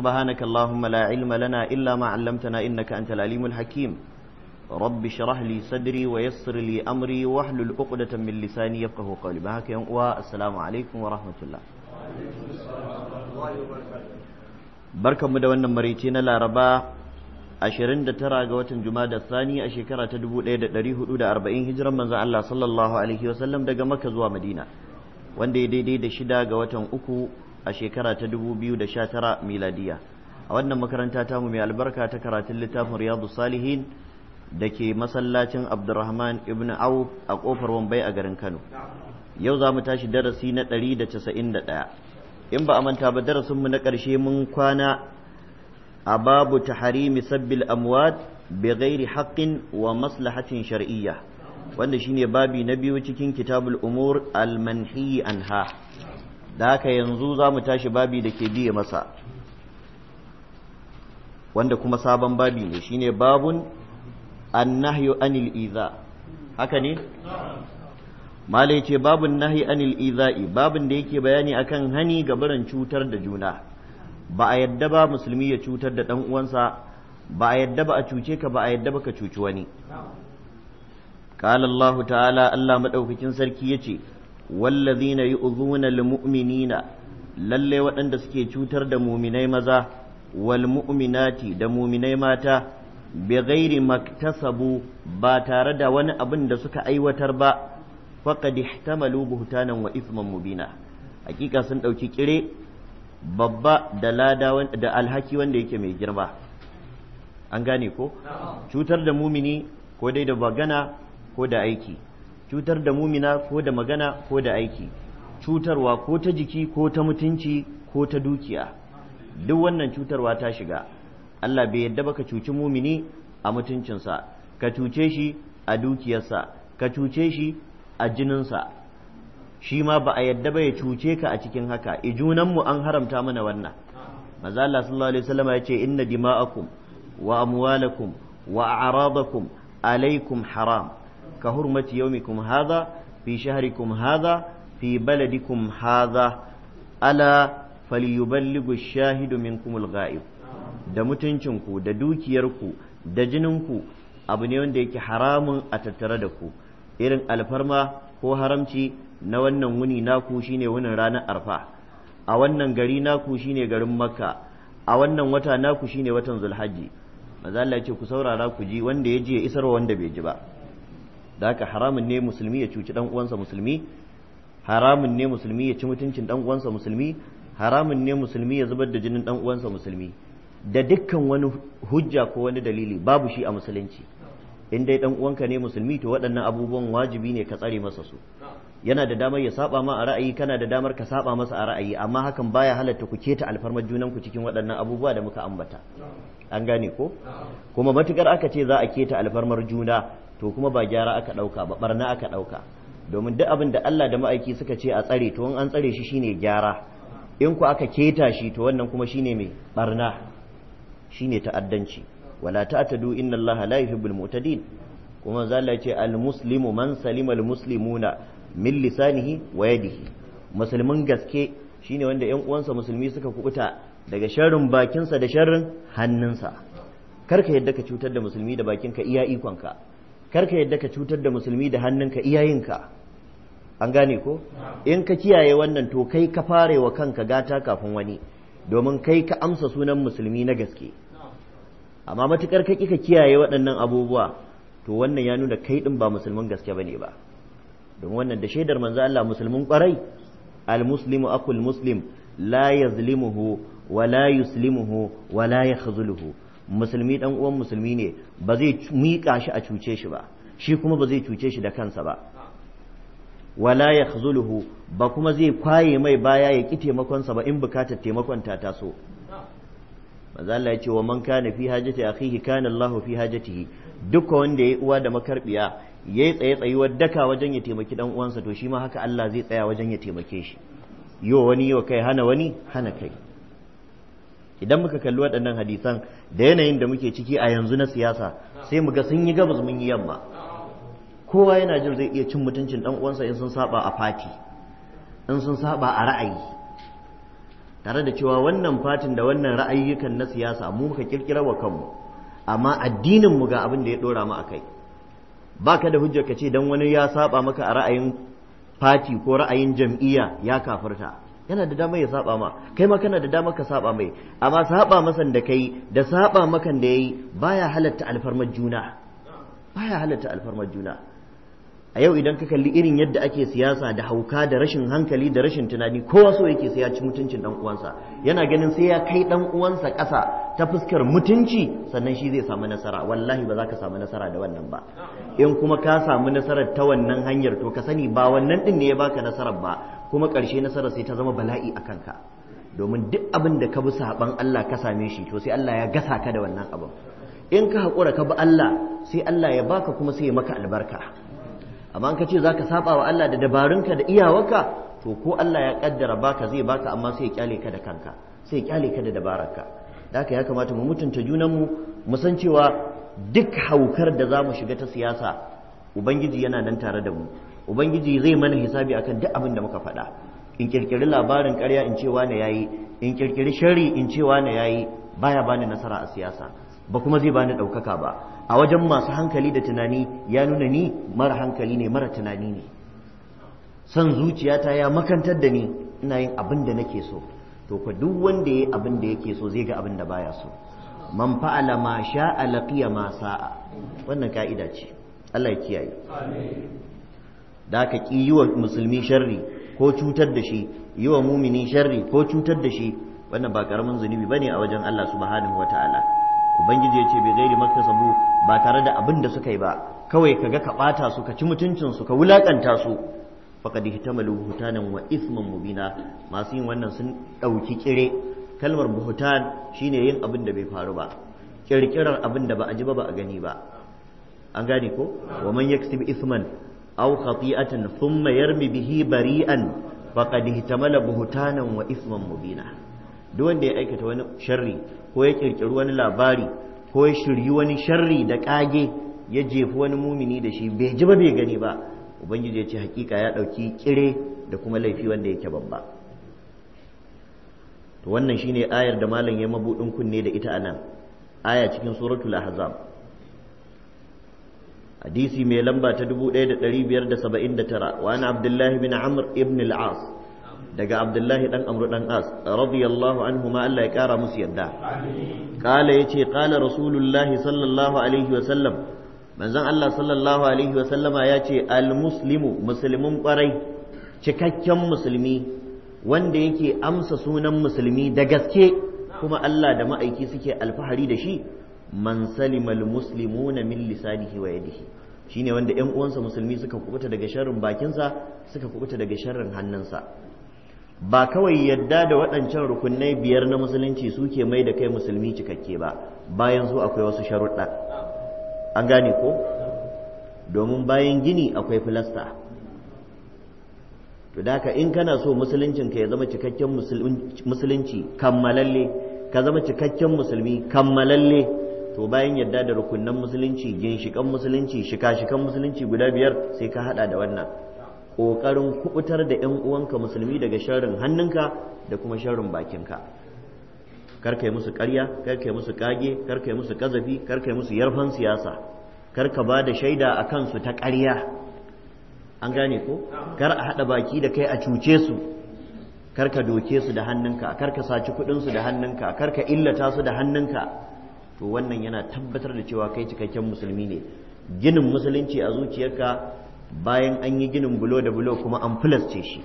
سبحانك اللهم لا علم لنا إلا ما علمتنا إنك أنت العليم الحكيم رب شرح لي صدري ويسر لي أمري واحلل عقدة من لساني يفقه قولي بهاك يوم السلام عليكم ورحمة الله barkanmu da wannan maraice na laraba tara ga watan da sani a shekara ta 1440 hijiran da Allah sallallahu alaihi wasallam daga maka zuwa madina wanda ya daidai da shida ga watan uku a shekara ta 2019 miladiya a wannan makaranta tamu mai albarka ta karatun littafin riyadu salihin da ke masallacin abdurrahman ibn au a kofar wambai a garin kano yau za mu tashi darasi na 191 in ba a manta ba darasinmu na ƙarshe mun kwana a babu ta harimi sabbil amwat bi ghairi haqqin wa maslahatin shar'iyya wanda shine babi na biyu cikin kitabul umur al manhi anha da haka yanzu za mu tashi babi da ke biye masa wanda kuma sabon babi ne shine babun annahyu anil iza haka ne mala yace babun nahi anil iza'i babun da yake bayani akan hani ga barin cutar da juna ba a yadda ba musulmi ya cutar da dan uwansa ba a yadda ba a cuce ka ba a yadda ba ka cuci wani qala ta'ala ta'ala allah Sarki sarki yace wallazina yu'dhuna almu'minina lalle waɗanda suke cutar da muminai maza wal mu'minati da muminai mata bi ghairi maktasabu ba tare da wani abin da suka aiwatar ba faqad ihtamalu buhtanan wa ithman mubina hakika sun dauki kire babba da lada da alhaki wanda yake mai girma an gane ko cutar da mumini ko dai da bagana ko da aiki cutar da mumina ko da magana ko da aiki cutarwa ko ta jiki ko ta mutunci ko ta dukiya duk wannan cutarwa ta shiga Allah bai yadda ba ka cuci mumini a mutuncinsa ka cuce shi a dukiyarsa ka cuce shi a jininsa shi ma ba a yadda ba ya cuce ka a cikin haka ijunanmu an haramta mana wannan maza Allah sallallahu alaihi wasallam ya ce inna dima'akum wa amwalakum wa a'radakum alaikum haram ka hurmati yawmikum hadha fi shahrikum hadha fi baladikum hadha ala falyuballighu ash-shahidu minkum al-ghaib da mutuncinku da dukiyarku da jinin ku abu ne wanda yake haramun a tattare da ku irin alfarma ko haramci na wannan wuni naku shine wunin ranar arfa a wannan gari naku shine garin makka a wannan wata naku shine watan zulhajji maza Allah ce ku saurara ku ji wanda ya ji ya isarwa wanda bai ji ba da haka haramun ne musulmi ya cuci dan uwansa musulmi haramun ne musulmi ya ci mutuncin dan uwansa musulmi haramun ne musulmi ya zubar da jinin dan uwansa musulmi da dukkan wani hujja ko wani dalili babu shi a musulunci in dai dan uwanka ne musulmi to waɗannan abubuwan wajibi ne ka tsare masa su yana da damar ya saba ma a ra'ayi kana da damar ka saba masa a ra'ayi amma hakan baya halatta ku keta alfarmar junanku cikin waɗannan abubuwa da muka ambata an gane ko kuma matukar aka ce za a keta alfarmar juna to kuma ba gyara aka ɗauka ba barna aka ɗauka domin duk abin da Allah da ma'aiki suka ce a tsare to in an tsare shi shine gyara in ku aka keta shi to wannan kuma shine mai barna shine ta'addanci wala ta'tadu inna Allah la yuhibbul mu'tadin kuma zalla ce al muslimu man salima al muslimuna min lisanihi wa yadihi musulmin gaske shine wanda ƴan uwansa musulmi suka kubuta daga sharrin bakinsa da sharrin hannunsa karka yadda ka cutar da musulmi da bakinka iya ikonka karka yadda ka cutar da musulmi da hannunka iyayenka an gane ko in ka kiyaye wannan to kai ka fare wa kanka gata kafin wani domin kai ka amsa sunan musulmi na gaske amma matukar ka kika kiyaye waɗannan abubuwa to wannan ya nuna kai ɗin ba musulmin gaske bane ba domin wannan da shaidar manzo Allah musulmin kwarai al muslimu akul muslim la yazlimuhu wa la yuslimuhu wa la yakhzuluhu musulmi dan uwan musulmi ne ba zai miƙa shi a cuce shi ba shi kuma ba zai cuce shi da kansa ba wala ya ba kuma zai kwaye mai baya ya ki taimakonsa ba in bukatar taimakon ta taso manzo Allah ya ce wa man kana fi hajati akhihi kana Allahu fi hajatihi duka wanda yayi uwa da makarbiya yayi tsaye tsayuwar daka wajen ya taimaki dan uwansa to shi ma haka Allah zai tsaya wajen ya taimake shi yo wani yo kai hana wani hana kai idan muka kalli waɗannan hadisan da yanayin da muke ciki a yanzu na siyasa sai muga ga sun yi gabas mun yi yamma kowa yana jin zai iya cin mutuncin dan uwansa in sun saba a fati in sun saba a ra'ayi tare da cewa wannan fatin da wannan ra'ayyukan na siyasa mu muka kirkira wa kanmu amma addinin mu ga abin da ya ɗora mu akai baka da hujja ka ce dan wani ya saba maka a ra'ayin fati ko ra'ayin jam'iyya ya kafirta yana da dama ya saba ma kai ma kana da dama ka saba mai amma saba masan da kai da saba makan da yayi baya halatta alfarmar juna baya halatta alfarmar juna a yau idan ka kalli irin yadda ake siyasa da hauka da rashin hankali da rashin tunani kowa so yake sai ya ci mutuncin dan uwansa yana ganin sai ya kai dan uwansa kasa ta fuskar mutunci sannan shi zai samu nasara wallahi ba za ka samu nasara da wannan ba in kuma ka samu nasarar ta wannan hanyar to ka sani ba wannan din ne ya baka nasarar ba kuma ƙarshe nasarar sai ta zama bala'i a kanka domin duk abin da ka bi saɓan Allah ka same shi to sai Allah ya gasa ka da wannan abin in ka haƙura ka bi Allah sai Allah ya baka kuma sai ya maka albarka amma in ka ce za ka saɓa wa Allah da dabarunka da iyawarka to ko Allah ya ƙaddara baka zai baka amma sai ya kyale ka da kanka sai ya kyale ka da dabararka da haka ya kamata mu mutunta junanmu mu san cewa duk haukar da za mu shiga ta siyasa ubangiji yana nan tare da mu ubangiji zai mana hisabi akan duk abin da muka faɗa in kirkiri labarin ƙarya in cewa na yayi in kirkiri shari in cewa na yayi baya bani nasara a siyasa ba kuma zai bani ɗaukaka ba a wajen masu hankali da tunani ya nuna ni mara hankali ne mara tunani ne San zuciyata ya makantar da ni ina yin abin da nake so to fa duk wanda yayi abin da yake so zai ga abin da baya so man fa'ala ma sha'a laqiya ma sa'a wannan ka'ida ce Allah ya kiyaye amin da ka ƙi yi wa musulmi sharri ko cutar da shi yi wa mumini sharri ko cutar da shi wannan ba karamin zunubi bane a wajen Allah subhanahu wataala ubangiji ya ce bai gairi sabu ba tare da abin da suka yi ba kawai kaga ka bata su ka ci mutuncin su ka wulakanta su faqad ihtamalu buhtanan wa ithman mubina masu yin wannan sun dauki kire kalmar buhtan shine yin abin da bai faru ba kirkirar abin da ba a ji ba ba a gani ba an gane ko wa man yaksib aw khati'atin thumma yarmi bihi bari'an faqad ihtamala buhtanan wa isman bina. duk wanda ya aikata wani sharri ko ya ƙirƙiri wani labari ko ya shiryi wani sharri da ƙage ya jefi wani mumini da shi bai ji ba bai gani ba ubangiji ya ce hakika ya ɗauki ƙire da kuma laifi wanda yake babba to wannan shine ayar da malam ya mabuɗin kunne da ita anan aya cikin suratul ahzab hadisi mai lamba ta 1579 wa an abdullahi bin amr ibn al-as daga abdullahi dan amru dan as radiyallahu anhu ma Allah ya kara musu yadda kala yace kala rasulullahi sallallahu alaihi wa sallam manzon Allah sallallahu alaihi wa sallama yace al-muslimu muslimin kwarai cikakken musulmi wanda yake amsa sunan musulmi da gaske kuma Allah da ma'aiki suke alfahari da shi man salima muslimuna min lisanihi wa yadihi shine wanda ƴan uwansa musulmi suka kubuta daga sharrin bakinsa suka kubuta daga sharrin hannunsa ba kawai yadda da waɗancan rukunai biyar na musulunci suke mai da kai musulmi cikakke ba bayan su akwai wasu sharuɗa an gane ko domin bayan gini akwai filasta to da in kana so musuluncin ka ya zama cikakken musulunci kammalalle ka zama cikakken musulmi kammalalle to bayan yadda da rukunnan musulunci ginshikan musulunci shika-shikan musulunci guda biyar sai ka hada da wannan ƙoƙarin kubutar da 'yan uwanka musulmi daga sharrin hannunka da kuma sharrin bakinka karka yi musu ƙarya karka yi musu kage karka yi musu kazafi karka yi musu yarfan siyasa karka ba da shaida a kansu ta ƙarya an gane ko kar a haɗa baki da kai a cuce su kar ka doke su da hannunka kar ka saci su da hannunka kar ka illata su da hannunka to wannan yana tabbatar da cewa kai cikakken musulmi ne ginin musulunci a zuciyarka bayan an yi ginin bulo da bulo kuma an fulasce shi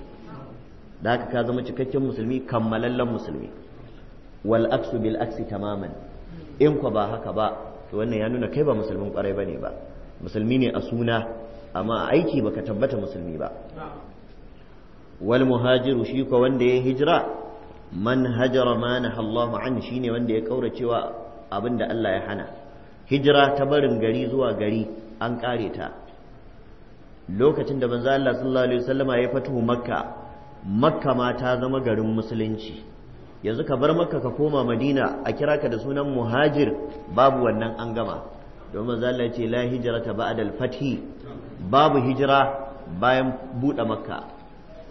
da haka ka zama cikakken musulmi kammalallen musulmi wal aksu bil aksi tamaman in kwa ba haka ba to wannan ya nuna kai ba musulmin kwarai ne ba musulmi ne a suna amma a aiki baka tabbata musulmi ba wal muhajiru shi ko wanda ya hijira man hajara ma nahallahu an shine wanda ya kaura cewa abin da Allah ya hana hijira ta barin gari zuwa gari an kare ta lokacin da manzo Allah sallallahu alaihi wasallama ya fatuhu makka makka ma ta zama garin musulunci yanzu ka bar makka ka koma madina a kira ka da sunan muhajir babu wannan an gama domin manzo Allah ya ce la hijrata ba'da al-fathi babu hijira bayan buɗe makka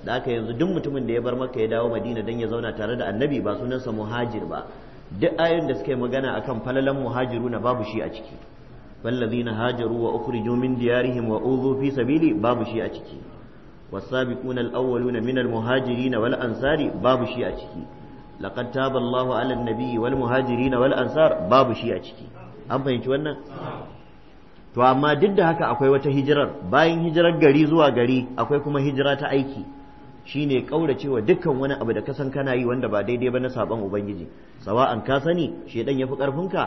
da haka yanzu duk mutumin da ya bar makka ya dawo madina don ya zauna tare da annabi ba sunansa muhajir ba duk ayoyin da suke magana a kan falalan muhajiru na babu shi a ciki wallazina hajaru wa ukhriju min diyarihim wa udhu fi sabili babu shi a ciki babu shi a ciki laqad taba Allahu ala لقد تاب wal muhajirin wal ansar babu shi a ciki, an fahimci wannan to amma duk da haka akwai wata hijirar bayan hijirar gari zuwa gari akwai kuma hijira ta aiki shine kauracewa dukkan wani abu da ka san kana yi wanda ba daidai ba na saban ubangiji sawa'an ka sani shedan yafi karfinka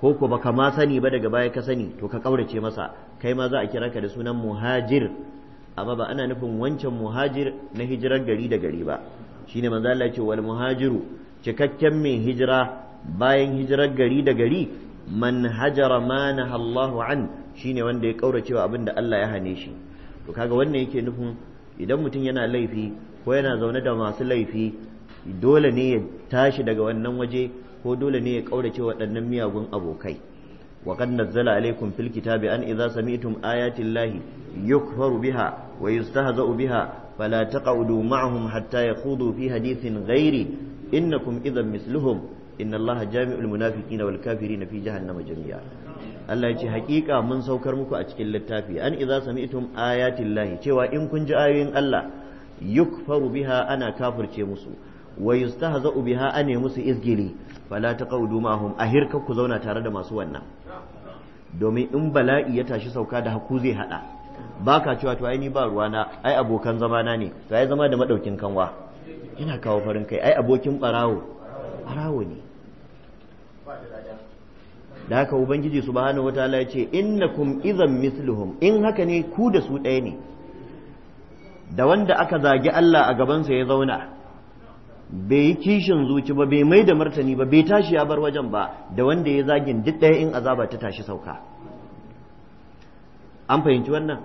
ko ko baka ma sani ba daga baya ka sani to ka kaurace masa kai ma za a kira ka da sunan muhajir amma ba ana nufin wancan muhajir na hijirar gari da gari ba shine manzo Allah ce wal muhajiru cikakken mai hijira bayan hijirar gari da gari man hajara ma nahallahu an shine wanda ya kauracewa abin da Allah ya hane shi to kaga wannan yake nufin idan mutum yana laifi ko yana zaune da masu laifi dole ne ya tashi daga wannan waje ko dole ne ya kaurace waɗannan miyagun abokai wa qad nazzala alaykum fil kitabi an idza sami'tum ayati llahi yukfaru biha wa yustahza'u biha fala taq'udu ma'ahum hatta yakhudu fi hadithin ghairi innakum idhan misluhum inna allaha jami'ul munafiqina wal kafirina fi jahannama jami'a Allah ya ce haƙiƙa mun saukar muku a cikin littafi an idza sami'tum ayatin lahi cewa in kun ji ayoyin Allah yukfaru biha ana kafirce musu wa yustahza'u biha ane musu izgili fala taqawdu ma'hum ahirka ku zauna tare da masu wannan domin in bala'i ya tashi sauka da haku zai hada baka cewa to ai ni ba ruwana ai abokan zama na ne to ai zama da madaukin kanwa ina kawo farin kai ai abokin barawo barawo ne da haka ubangiji subhanahu wataala ya ce innakum izan mithluhum in haka ne ku da su ɗaya ne da wanda aka zagi Allah a gabansa ya zauna bai yi kishin zuci ba bai mai da martani ba bai tashi ya bar wajen ba da wanda ya zagin duk ɗaya in azaba ta tashi sauka an fahimci wannan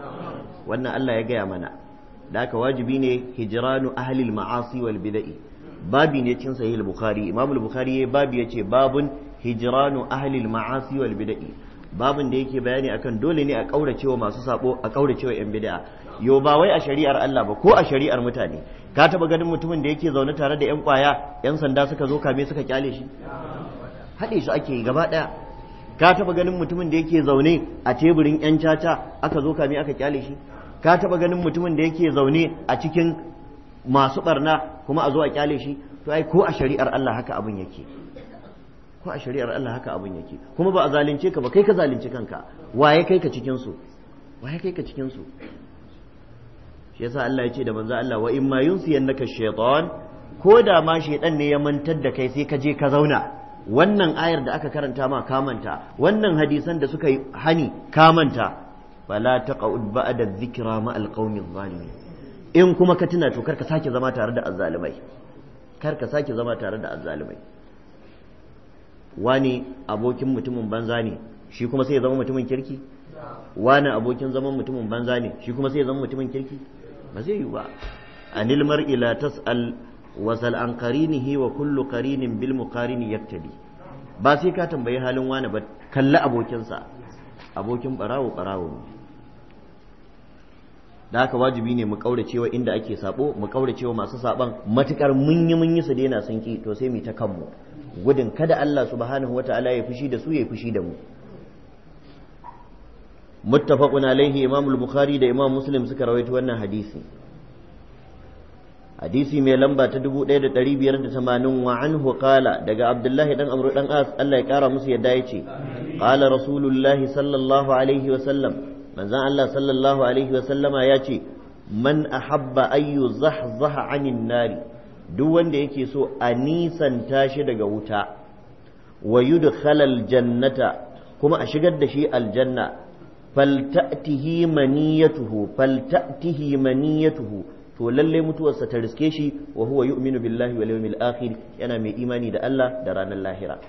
wannan Allah ya gaya mana da haka wajibi ne hijranu ahlil ma'asi wal bida'i babi ne cin sahih al-bukhari imam al-bukhari babi yace babun hijranu ahlil ma'asi wal bid'i babin da yake bayani akan dole ne a kauracewa masu sabo a kauracewa yan bid'a yo ba wai a shari'ar Allah ba ko a shari'ar mutane ka taba ganin mutumin da yake zaune tare da yan kwaya yan sanda suka zo kame suka kyale shi hade shi ake gaba ɗaya ka taba ganin mutumin da yake zaune a teburin yan caca aka zo kame aka kyale shi ka taba ganin mutumin da yake zaune a cikin masu barna kuma a zo a kyale shi to ai ko a shari'ar Allah haka abin yake ko a shari'ar Allah haka abin yake kuma ba a zalunce ka ba kai ka zalunci kanka waye kai ka cikin su waye kai ka cikin su shi yasa Allah ya ce da manzo Allah wa in ma yunsiyannaka shaytan ko da ma shaytan ne ya mantar da kai sai ka je ka zauna wannan ayar da aka karanta ma kamanta wannan hadisan da suka yi hani kamanta fala taqud ba'da dhikra ma alqawmi adh in kuma ka tuna to karka sake zama tare da azzalimai karka sake zama tare da azzalimai wani abokin mutumin banza ne shi kuma sai ya zama mutumin kirki wani abokin zaman mutumin banza ne shi kuma sai ya zama mutumin kirki ba zai yi ba anil mar'i la tas'al wasal an qarinihi wa kullu qarinin bil muqarini yaktadi ba sai ka tambayi halin wani ba kalli abokinsa abokin barawo barawo ne da haka wajibi ne mu kauracewa inda ake sabo mu kauracewa masu saban matukar mun yi mun yi su daina sun ki to sai mu ta kanmu gudun kada Allah subhanahu ta'ala ya fushi da su ya fushi da mu muttafaqun alaihi imam al-bukhari da imam muslim suka rawaito wannan hadisi hadisi mai lamba ta 1580 wa anhu qala daga abdullahi dan amru dan as Allah ya kara musu yadda yace qala rasulullahi sallallahu alaihi wa sallam manzon Allah sallallahu alaihi wa sallama yace man ahabba ayyu zahzaha anin nari duk wanda yake so a nisanta shi daga wuta wa yudkhalal jannata kuma a shigar da shi aljanna falta'tihi maniyatuhu falta'tihi maniyatuhu to lalle mutuwarsa ta riske shi wa huwa yu'minu billahi wal yawmil akhir yana mai imani da Allah da ranar lahira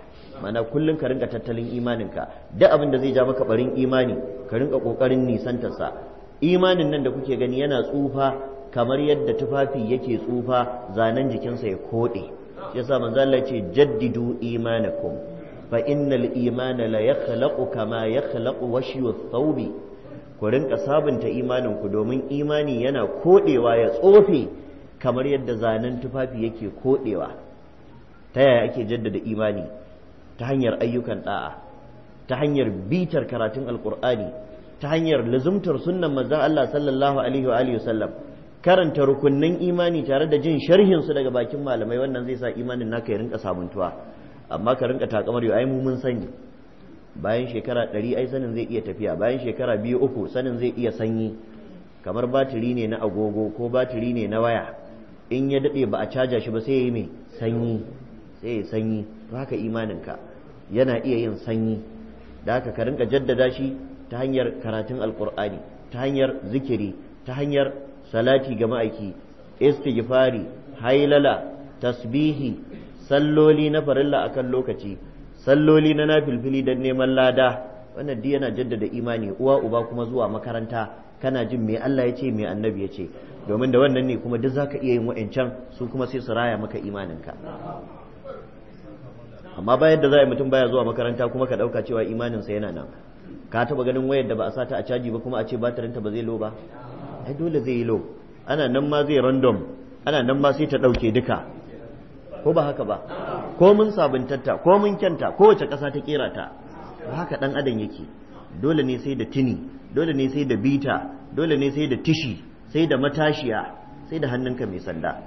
mana kullum ka rinka tattalin imaninka duk abin da zai ja maka barin imani ka rinka kokarin nisantarsa imanin nan da kuke gani yana tsufa kamar yadda tufafi yake tsufa zanen jikinsa ya koɗe yasa manzo Allah ce jaddidu imanakum fa innal imana la yakhlaqu kama yakhlaqu washyu thawbi ku rinka sabunta imanin ku domin imani yana koɗewa ya tsofe kamar yadda zanen tufafi yake koɗewa ta yaya ake jaddada imani ta hanyar ayyukan da'a ta hanyar bitar karatun alkur'ani ta hanyar lazumtar sunnan manzon Allah sallallahu alaihi wa alihi wasallam karanta rukunnan imani tare da jin sharhin su daga bakin malamai wannan zai sa imanin naka ya rinka sabuntuwa amma ka rinka takamar yau ai mu mun sani bayan shekara ɗari ai sanin zai iya tafiya bayan shekara biyu uku sanin zai iya sanyi kamar batiri ne na agogo ko batiri ne na waya in ya daɗe ba a caja shi ba sai ya yi mai sanyi sai ya sanyi to haka imaninka yana iya yin sanyi da haka ka rinka jaddada shi ta hanyar karatun alkur'ani ta hanyar zikiri ta hanyar salati ga ma'aiki istighfari hailala tasbihi salloli na farilla akan lokaci salloli na nafilfili don neman lada wannan duk yana jaddada imani uwa uba kuma zuwa makaranta kana jin me Allah ya ce me annabi ya ce domin da wannan ne kuma duk zaka iya yin wa'ancan su kuma sai su raya maka imaninka amma bayan da za mutum baya zuwa makaranta kuma ka ɗauka cewa imaninsa yana nan ka taɓa ganin wayar da ba a sata a caji ba kuma a ce batirinta ba zai lo ba ai dole zai yi lo ana nan ma zai random ana nan ma sai ta ɗauke duka ko ba haka ba ko mun sabuntatta ko mun kyanta kowace ƙasa ta kera ta ba haka ɗan adam yake dole ne sai da tini dole ne sai da bita dole ne sai da tishi sai da matashiya sai da hannunka mai sanda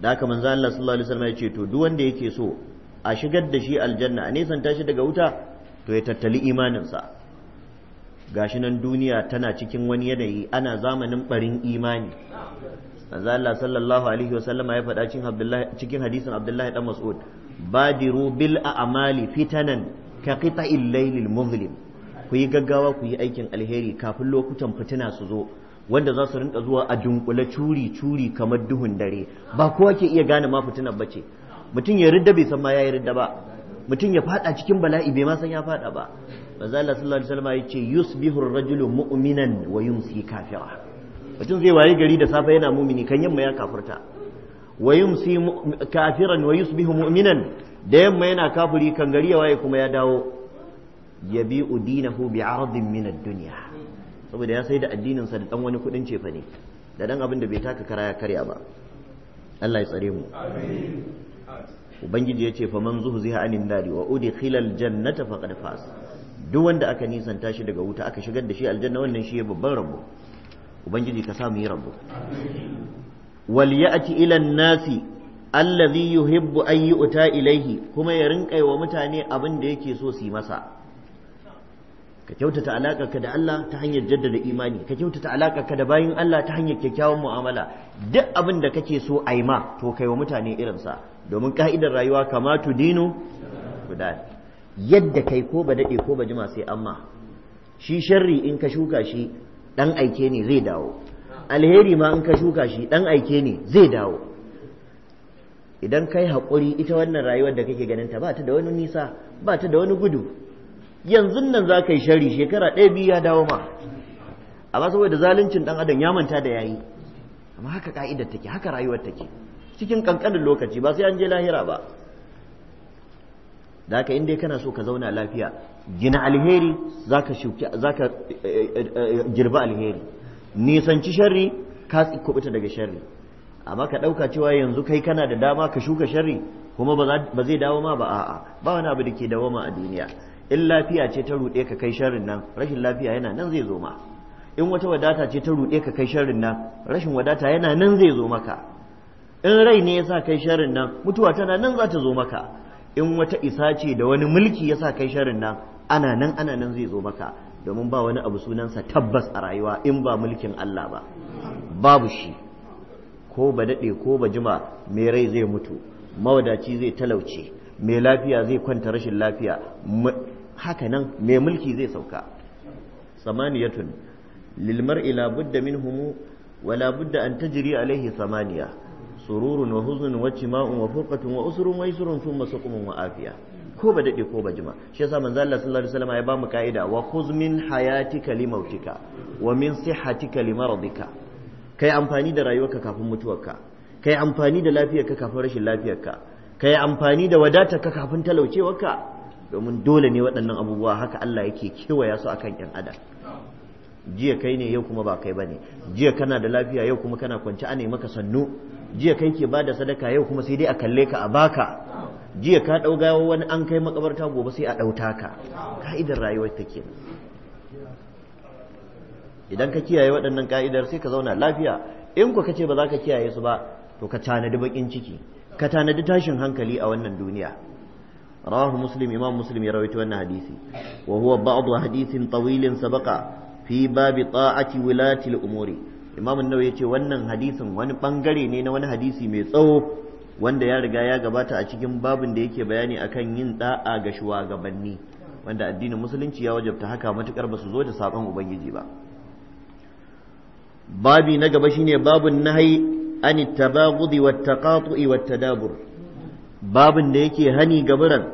da haka manzo Allah sallallahu alaihi wasallam ya ce to duk wanda yake so a shigar da shi aljanna a nesanta shi daga wuta to ya tattali imaninsa gashi nan duniya tana cikin wani yanayi ana zamanin barin imani manzo Allah sallallahu alaihi wasallama ya faɗa cikin Abdullahi cikin hadisin Abdullahi dan Mas'ud badiru bil a'mali fitanan ka qita'il laylil muzlim ku yi gaggawa ku yi aikin alheri kafin lokutan fitina su zo wanda za su rinka zuwa a dunkule curi curi kamar duhun dare ba kowa ke iya gane ma fitinar bace mutum ya ridda bai san ma ya yi ridda ba mutum ya fada cikin bala'i bai ma san ya fada ba manzo Allah sallallahu alaihi wasallam yace yusbihu ar-rajulu mu'minan wa yumsi kafira mutum zai waye gari da safe yana mumini kan yamma ya kafirta wa yumsi kafiran wa yusbihu mu'minan da yamma yana kafiri kan gari ya waye kuma ya dawo yabi'u dinahu bi'ardin min ad-dunya saboda ya sai da addinin sa da dan wani kudin cefa ne da dan abin da bai taka kara ya karya ba Allah ya tsare mu amin ubangiji ya ce fa man zuhziha anin nari wa udkhila jannata faqad fas duk wanda aka nisanta shi daga wuta aka shigar da shi aljanna wannan shi ya babban rabo ubangiji ka samu yi rabo wal ya'ti ila nasi allazi yuhibbu an yu'ta ilaihi kuma ya rinkai wa mutane abin da yake so su yi masa ka kyautata ka da Allah ta hanyar jaddada imani ka kyautata ka da bayin Allah ta hanyar kyakkyawan mu'amala duk abin da kake so a ma to kai wa mutane irinsa domin ka'idar rayuwa kama dino guda yadda kai ko ba daɗe ko ba jima sai amma shi sharri in ka shuka shi ɗan aike ne zai dawo alheri ma in ka shuka shi ɗan aike ne zai dawo idan kai haƙuri ita wannan rayuwar da kake ganin ta ba ta da wani nisa ba ta da wani gudu yanzu nan za ka yi shari shekara ɗaya biyu ya dawo ma amma saboda zaluncin ɗan adam ya manta da yayi amma haka ka'idar take haka rayuwar take cikin kankanin lokaci ba sai an je lahira ba da haka inda kana so ka zauna lafiya gina alheri za ka eh, eh, eh, girba alheri nisanci sharri ka kubuta daga sharri amma ka dauka cewa yanzu kai kana da dama ka shuka sharri kuma ba zai dawo ma ba a'a ba wani abu da ke dawoma a duniya in lafiya ce ta ruɗe ka kai sharrin nan rashin lafiya yana nan zai zo ma in wata wadata ce ta ruɗe ka kai sharrin nan rashin wadata yana nan zai zo maka in rai ne yasa kai shari'n nan mutuwa tana nan za ta zo maka in wata isa ce da wani mulki yasa kai shari'n nan ana nan ana nan zai zo maka domin ba wani abu sunansa tabbas a rayuwa in ba mulkin Allah ba babu shi ko ba daɗe ko ba jima mai rai zai mutu mawadaci zai talauce mai lafiya zai kwanta rashin lafiya haka nan mai mulki zai sauka samaniyatun lilmar ila budda min humu wala budda an tajiri alaihi samaniya sururun wa huznun wa jima'un wa furqatun wa usrun wa yusrun thumma suqumun wa afiya ko ba dade ko ba jima shi yasa manzo Allah sallallahu alaihi wasallam ya ba mu kaida wa khuz min hayatika limautika wa min sihhatika limaradika kai amfani da rayuwarka kafin mutuwarka kai amfani da lafiyarka kafin rashin lafiyarka kai amfani da wadatarka kafin talaucewarka domin dole ne waɗannan abubuwa haka Allah yake kewaya su akan ƴan adam jiya kai ne yau kuma ba kai bane jiya kana da lafiya yau kuma kana kwance a ane maka sannu jiya kai ke bada sadaka yau kuma sai dai a kalle ka a baka jiya ka ɗau gawa wani an kai makabarta gobe sai a ɗauta ka ka'idar rayuwar ta ke idan ka kiyaye waɗannan ka'idar sai ka zauna lafiya in ku ce ba za ka kiyaye su ba to ka tanadi bakin ciki ka tanadi tashin hankali a wannan duniya rawahu muslim imam muslim ya rawaito wannan hadisi wa huwa ba'd hadisin tawilin sabaka fi babi ta'ati umuri imam nawa ya ce wannan hadisin wani bangare ne na wani hadisi mai tsawo wanda ya riga ya gabata a cikin babin da yake bayani akan yin da'a ga shugabanni wanda addinin musulunci ya wajabta haka matukar ba su zo da sakon ubangiji ba babi na gaba shine babun nahi an tabaghudi wat-taqatu'i wat-tadabur babin da yake hani gabaran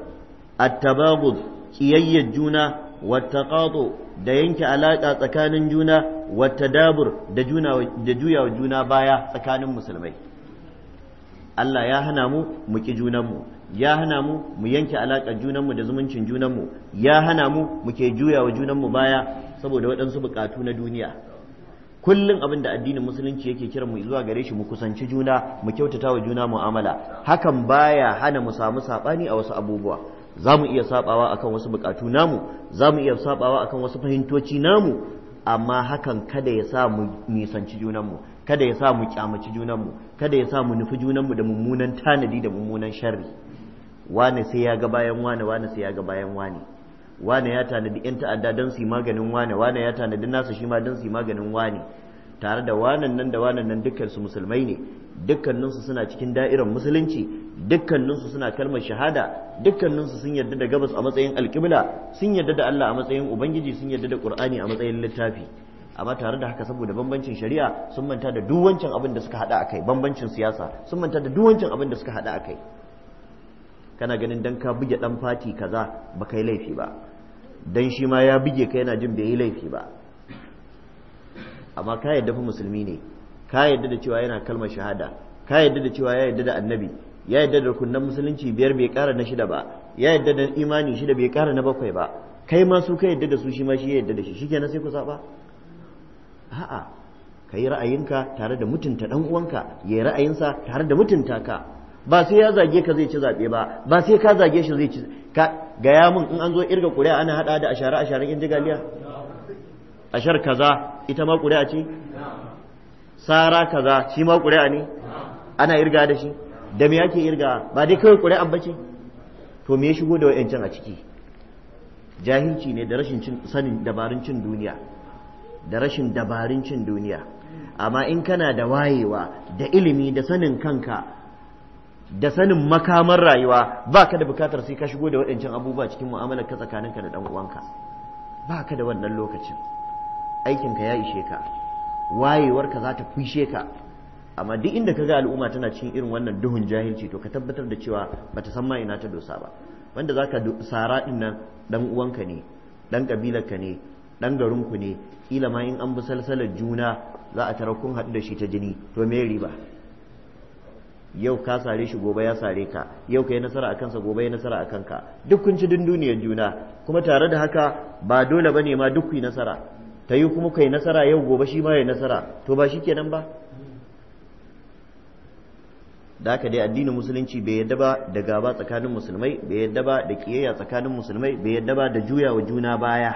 at-tabaghud kiyayyar juna wat-taqatu da yanke alaƙa tsakanin juna wata dabur da juya wa juna baya tsakanin musulmai Allah ya hana mu mu ki junanmu ya hana mu mu yanke alaƙar junanmu da zumuncin junanmu ya hana mu muke wa junanmu baya saboda waɗansu buƙatu na duniya kullum abin da addinin musulunci yake kiran mu zuwa gare shi mu kusanci juna mu kyautata wa juna mu'amala hakan baya hana mu samu saɓani a wasu abubuwa za mu iya sabawa akan wasu bukatu namu za mu iya sabawa akan wasu fahimtoci namu amma hakan kada ya sa mu nisanci junanmu kada ya sa mu kyamaci junanmu kada ya sa mu nufi junanmu da mummunan tanadi da mummunan sharri wane sai ya ga bayan wane wane sai ya ga bayan wane wane ya tanadi yan ta'adda don su yi maganin wane wane ya tanadi nasa shi ma don su yi maganin wane tare da wanan nan da wanan nan dukkan su musulmai ne dukkaninsu suna cikin da'irar musulunci dukkaninsu suna kalmar shahada dukkaninsu sun yarda da gabas a matsayin alƙibla sun yarda da Allah a matsayin ubangiji sun yarda da Qur'ani a matsayin littafi amma tare da haka saboda bambancin shari'a sun manta da duk wancan abin da suka hada akai bambancin siyasa sun manta da duk wancan abin da suka hada akai kana ganin dan ka buge dan fati kaza ba kai laifi ba dan shi ma ya buge ka yana jin bai yi laifi ba amma ka yarda fa musulmi ne ka yarda da cewa yana kalmar shahada ka yarda da cewa ya yarda da annabi ya yadda da rukunan musulunci biyar bai kara na shida ba ya yadda da imani shida bai kara na bakwai ba kai ma su ka yadda da su shi ma shi ya yadda da shi shikenan sai ku saba a'a ka yi ra'ayinka tare da mutunta dan uwanka ya yi ra'ayinsa tare da mutunta ka ba sai ya zage ka zai ci zaɓe ba ba sai ka zage shi zai ci ka gaya min in an zo irga ƙuri'a ana haɗa da ashara asharar in jigaliya ashar kaza ita ma ƙuri'a ce sara kaza shi ma ƙuri'a ne ana irga da shi da me yake irga ba dai kawai ƙuri'an ba ce to me ya shigo da wa'yancan a ciki jahilci ne da rashin sanin dabarun cin duniya da rashin dabarun cin duniya amma in kana da wayewa da ilimi da sanin kanka da sanin makamar rayuwa ba ka da bukatar sai ka shigo da waɗancan abubuwa cikin mu'amalar ka tsakaninka da ɗan uwanka ba ka da wannan lokacin aikinka ya ishe ka wayewarka za ta fushe ka amma duk inda kaga al'umma tana cikin irin wannan duhun jahilci to ka tabbatar da cewa bata san ma ina ta dosa ba wanda zaka sara din nan dan uwanka ne dan kabilarka ne dan garinku ne kila ma in an bi salsalar juna za a tara kun haɗu da shi ta jini to me riba yau ka sare shi gobe ya sare ka yau ka yi nasara a kansa gobe ya nasara a kanka duk kun ci dunduniyar juna kuma tare da haka ba dole ba ne ma duk ku yi nasara ta yi kuma kai nasara yau gobe shi ma ya nasara to ba shi kenan ba da haka dai addinin musulunci bai yadda ba da gaba tsakanin musulmai bai yadda ba da kiyayya tsakanin musulmai bai yadda ba da juya wa juna baya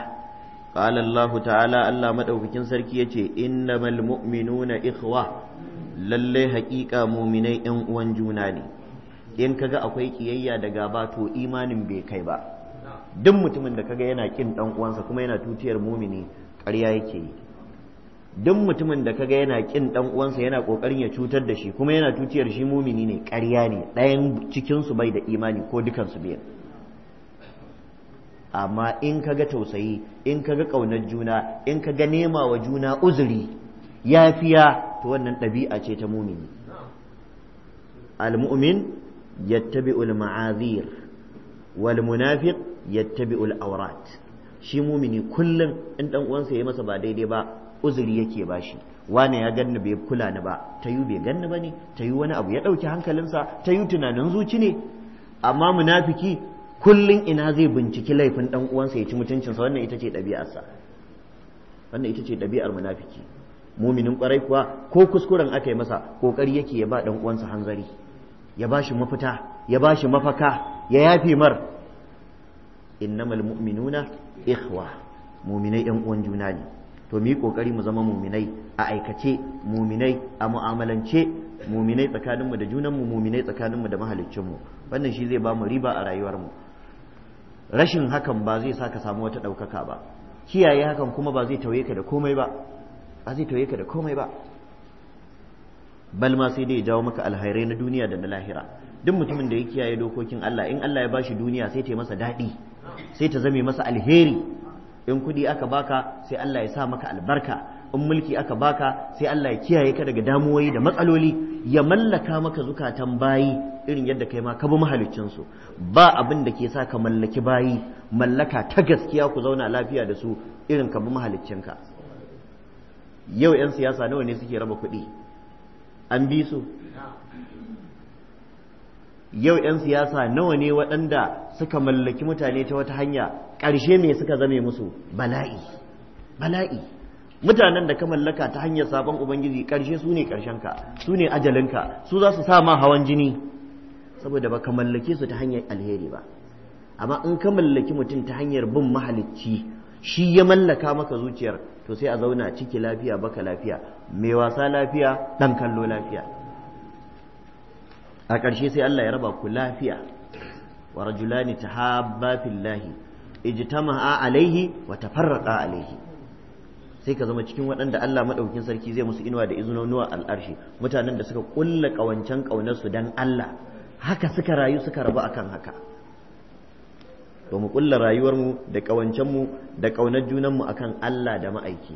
qala Allah ta'ala Allah madaukakin sarki yace innamal mu'minuna ikhwa lalle haƙiƙa mu'minai ƴan uwan juna ne in kaga akwai kiyayya da gaba to imanin bai kai ba duk mutumin da kaga yana kin dan uwansa kuma yana tutiyar mumini ƙarya yake yi duk mutumin da kaga yana kin dan uwansa yana kokarin ya cutar da shi kuma yana tuciyar shi mumini ne ƙarya ne ɗayan cikin su bai da imani ko dukan su biyan amma in kaga tausayi in kaga ƙaunar juna in kaga nema wa juna uzuri yafiya to wannan ɗabi'a ce ta mumini al-mu'min yattabi'u al-ma'azir wal munafiq yattabi'u al-awrat shi mumini kullum in dan uwansa yayi masa ba daidai ba uzuri yake shi wane ya ganni bai kula ni ba ta yi bai ganni ba ne ta yi wani abu ya ɗauki hankalinsa ta yi tunanin zuci ne amma munafiki kullum ina zai binciki laifin ɗan uwansa ya ci mutuncinsa wannan ita ce ɗabi'arsa wannan ita ce ɗabi'ar munafiki muminin kwarai kuwa ko kuskuren aka yi masa ƙoƙari yake ya ba ɗan uwansa hanzari ya ba shi mafita ya ba shi mafaka ya yafe mar innamal mu'minuna ikhwa muminai yan uwan juna ne to mu yi kokari mu zama muminai a aikace muminai a mu'amalance muminai tsakaninmu da junanmu muminai tsakaninmu da mahaliccinmu wannan shi zai ba mu riba a rayuwarmu rashin hakan ba zai sa samu wata ɗaukaka ba kiyaye hakan kuma ba zai tauye ka da komai ba ba zai tauye ka da komai ba bal ma sai dai jawo maka alhairai na duniya da na lahira duk mutumin da ya kiyaye dokokin Allah in Allah ya bashi duniya sai ta yi masa daɗi sai ta zame masa alheri in kuɗi aka baka sai Allah ya sa maka albarka in mulki aka baka sai Allah ya kiyaye ka daga damuwoyi da matsaloli ya mallaka maka zukatan bayi irin yadda kai ma ka bi mahalicin su ba abin da ke sa ka mallaki bayi mallaka ta gaskiya ku zauna lafiya da su irin ka bi mahalicin ka yau yan siyasa nawa ne suke raba kuɗi an bi su yau yan siyasa nawa ne waɗanda suka mallaki mutane ta wata hanya ƙarshe mai suka zame musu bala'i bala'i mutanen da ka mallaka ta hanyar sabon ubangiji ƙarshe su ne ƙarshenka su ne ajalinka su za su sa ma hawan jini saboda ba ka mallake su ta hanyar alheri ba amma in ka mallaki mutum ta hanyar bin mahalicci shi ya mallaka maka zuciyar to sai a zauna ciki lafiya baka lafiya mai wasa lafiya ɗan kallo lafiya a ƙarshe sai Allah ya raba ku lafiya wa rajulani tahabba fillahi ijtama'a alaihi wa tafarraqa alaihi sai ka zama cikin waɗanda Allah madaukakin sarki zai musu inuwa da izunonuwa al'arshi mutanen da suka kulla kawancan kaunar su dan Allah haka suka rayu suka rabu akan haka to mu kulla rayuwarmu da mu da kaunar mu akan Allah da ma'aiki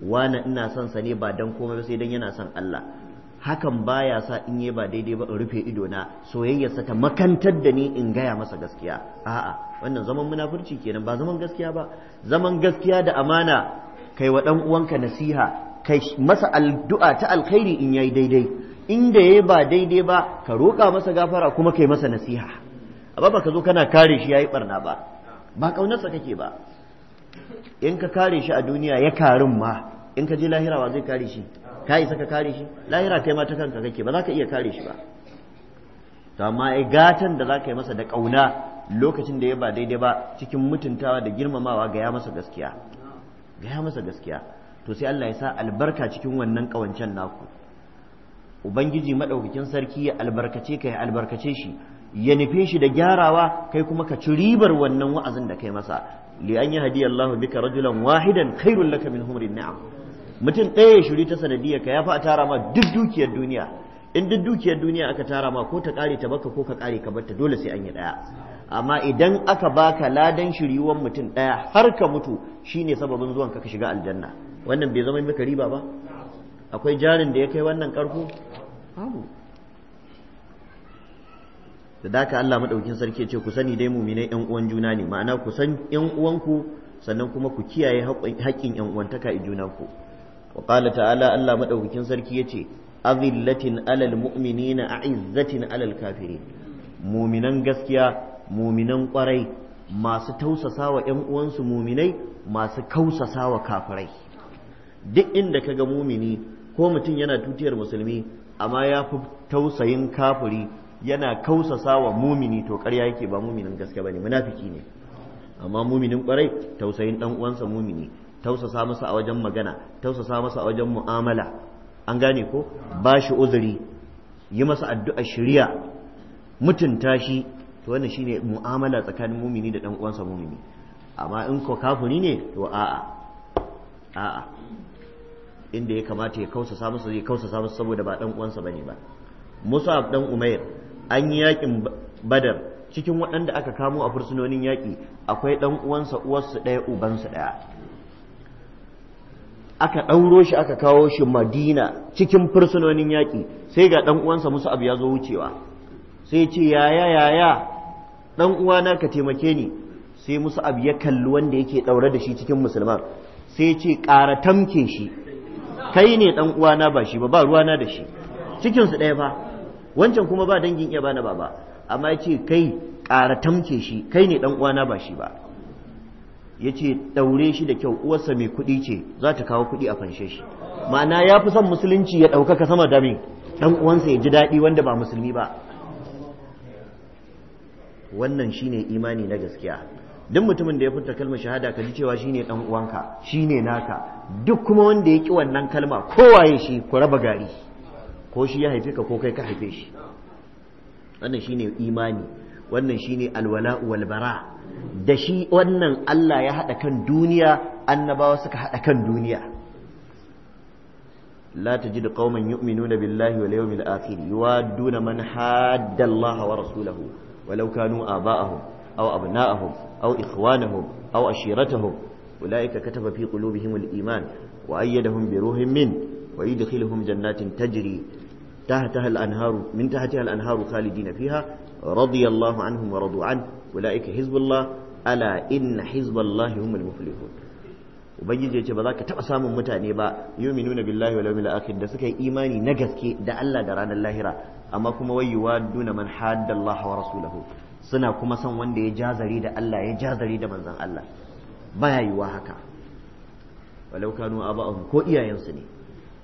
wana ina son sa ne ba dan komai sai dan yana son Allah hakan baya sa in yi ba daidai ba in rufe ido na soyayyarsa ta makantar da ni in gaya masa gaskiya a'a wannan zaman munafurci kenan ba zaman gaskiya ba zaman gaskiya da amana kai wa dan uwanka nasiha kai masa addu'a ta alkhairi in yayi daidai inda yayi ba daidai ba ka roƙa masa gafara kuma kai masa nasiha amma ba ka zo kana kare shi yayi barna ba ba kaunarsa kake ba in ka kare shi a duniya ya karin ma in ka je lahira wa zai kare shi ka isa ka kare shi lahira kai ma ta kanka kake ba za ka iya kare shi ba to amma ai gatan da za ka yi masa da ƙauna lokacin da ya ba daidai ba cikin mutuntawa da girmamawa ga ya masa gaskiya ga ya masa gaskiya to sai Allah ya sa albarka cikin wannan kawancen naku ubangiji madaukakin sarki ya albarkace ka ya albarkace shi ya nufe shi da gyarawa kai kuma ka ci ribar wannan wa'azin da kai masa li an yahdi Allahu bika rajulan wahidan khairul laka min humrin ni'am mutum ɗaya ya shuri ta sanadiyar ka ya fi a tara ma duk dukiyar duniya in duk dukiyar duniya aka tara ma ko ta ƙare ta baka ko ka ƙare ka barta dole sai an yi ɗaya amma idan aka baka ladan shiriwan mutum ɗaya har ka mutu shine sababin zuwan ka shiga aljanna wannan bai zama maka riba ba akwai jarin da ya kai wannan ƙarko da daka Allah madaukin sarki ce ku sani dai muminai yan uwan juna ne ma'ana ku san yan uwanku sannan kuma ku kiyaye haƙƙin yan uwantaka i ku. wa ta'ala Allah madaukakin sarki ya ce, azillatin alal na a'izzatin alal kafiri. muminan gaskiya muminan kwarai masu tausasa wa ƴan uwansu muminai masu kausasa wa kafirai duk inda ka ga mumini ko mutum yana tutiyar musulmi amma ya fi tausayin kafiri yana kausasa wa mumini to ƙarya yake ba muminin gaske bane munafiki ne amma muminin kwarai tausayin dan uwansa mumini tausasa masa a wajen magana tausasa masa a wajen mu'amala an gane ko ba shi uzuri yi masa addu'a shirya mutunta shi to wannan shine mu'amala tsakanin mumini da dan uwansa mumini amma in ko kafuni ne to a'a a'a inda ya kamata ya kausasa masa zai kausasa masa saboda ba dan uwansa bane ba Musa dan Umair an yi yakin Badar cikin waɗanda aka kamo a fursunonin yaƙi akwai ɗan uwansa uwarsu ɗaya ubansu ɗaya aka ɗauro shi aka kawo shi madina cikin fursunonin yaƙi sai ga ɗan'uwansa uwansa musu abu ya zo wucewa sai ce yaya yaya ɗan uwana ka taimake ni sai musu abu ya kalli wanda yake ɗaure da shi cikin musulman sai ce ƙara tamke shi kai ne ɗan uwana ba shi ba ba ruwana da shi cikinsu ɗaya fa wancan kuma ba dangin iya bana ba amma ya ce kai ƙara tamke shi kai ne ɗan uwana ba shi ba ya ce ɗaure shi da kyau uwarsa mai kuɗi ce za ta kawo kuɗi a fanshe shi ma'ana ya fi son musulunci ya ɗaukaka sama da min ɗan uwansa ya ji daɗi wanda ba musulmi ba wannan shi ne imani na gaskiya duk mutumin da ya furta kalmar shahada ka ji cewa ne ɗan uwanka shi ne naka duk kuma wanda ya ƙi wannan kalma kowaye shi ku raba gari ko shi ya haife ka ko kai ka haife shi wannan shi ne imani wannan shine alwala wal bara da shi wannan Allah ya hada kan duniya annabawa suka hada kan duniya la tajidu qauman yu'minuna billahi wal yawmil akhir yuwadduna man hadda Allah wa rasulahu walau kanu aba'ahum aw abna'ahum aw ikhwanahum aw ashiratahum ulaika kataba fi qulubihim al iman wa ayyadahum bi ruhin min wa yudkhiluhum jannatin tajri تحتها الأنهار من تحتها الأنهار خالدين فيها رضي الله عنهم ورضوا عنه أولئك حزب الله ألا إن حزب الله هم ubangiji ya ce ba za ka taɓa samun mutane ba yuminuna billahi wal yawmil akhir da suka yi imani na gaske da Allah da ranar lahira amma kuma wayyuwa duna man hadda Allah wa rasulahu suna kuma san wanda ya jazari da Allah ya jazari da manzan Allah baya yiwa haka walau kanu aba'ahum ko iyayensu ne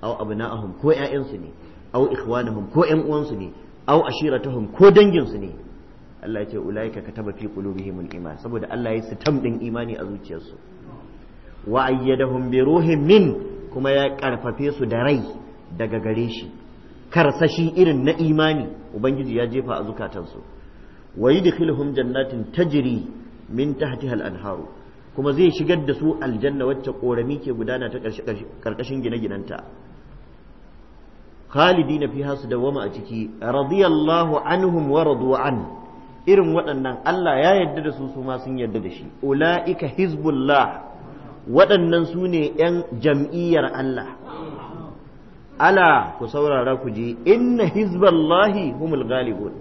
aw abna'ahum ko ƴaƴansu ne aw ikhwanahum ko ƴan uwansu ne aw ashiratahum ko dangin su ne Allah ya ce ulaika kataba fi qulubihimul iman saboda Allah ya sitam din imani a zuciyarsu wa ayyadahum bi ruhin min kuma ya karfafe su da rai daga gare shi karsashi irin na imani ubangiji ya jefa a zukatansu wa yudkhiluhum jannatin tajri min tahtiha al-anharu kuma zai shigar da su aljanna wacce korami ke gudana ta karkashin gine-ginenta khalidina fiha su wama a ciki radiyallahu anhu wa radu an irin waɗannan Allah ya yarda da su su sun yarda da shi ulaika hizbullah waɗannan su ne ‘yan jam'iyyar Allah ala ku saurara ku ji inna hizballahi humul galibun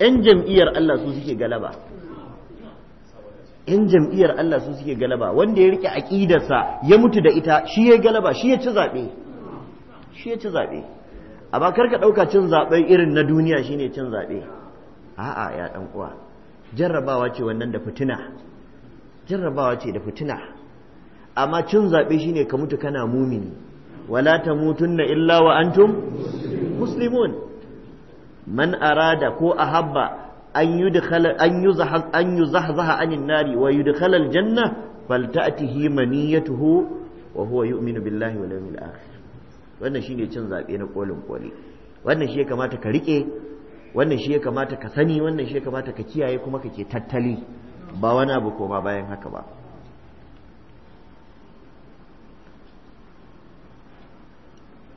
‘yan jam'iyyar Allah su suke galaba ‘yan jam'iyyar Allah su suke galaba wanda ya rike aƙidarsa ya mutu da ita shi ya galaba shi ya ci zaɓe amma kar ka ɗauka cin zaɓe irin na duniya shine cin zaɓe a'a ya ɗan uwa jarrabawa ce wannan da fitina jarrabawa ce da fitina amma cin zaɓe shine ka mutu kana mumini wala ta mutunna illa wa antum muslimun man arada ko ahabba an yudkhala an yuzah an yuzahzaha anin nari wa yudkhala aljanna falta'tihi maniyatuhu wa huwa yu'minu billahi wal yawmil akhir wannan shine cin zaɓe na kolin ƙoli, wannan shi ya kamata ka riƙe wannan shi ya kamata ka sani wannan shi ya kamata ka kiyaye kuma kake tattali ba wani abu koma bayan haka ba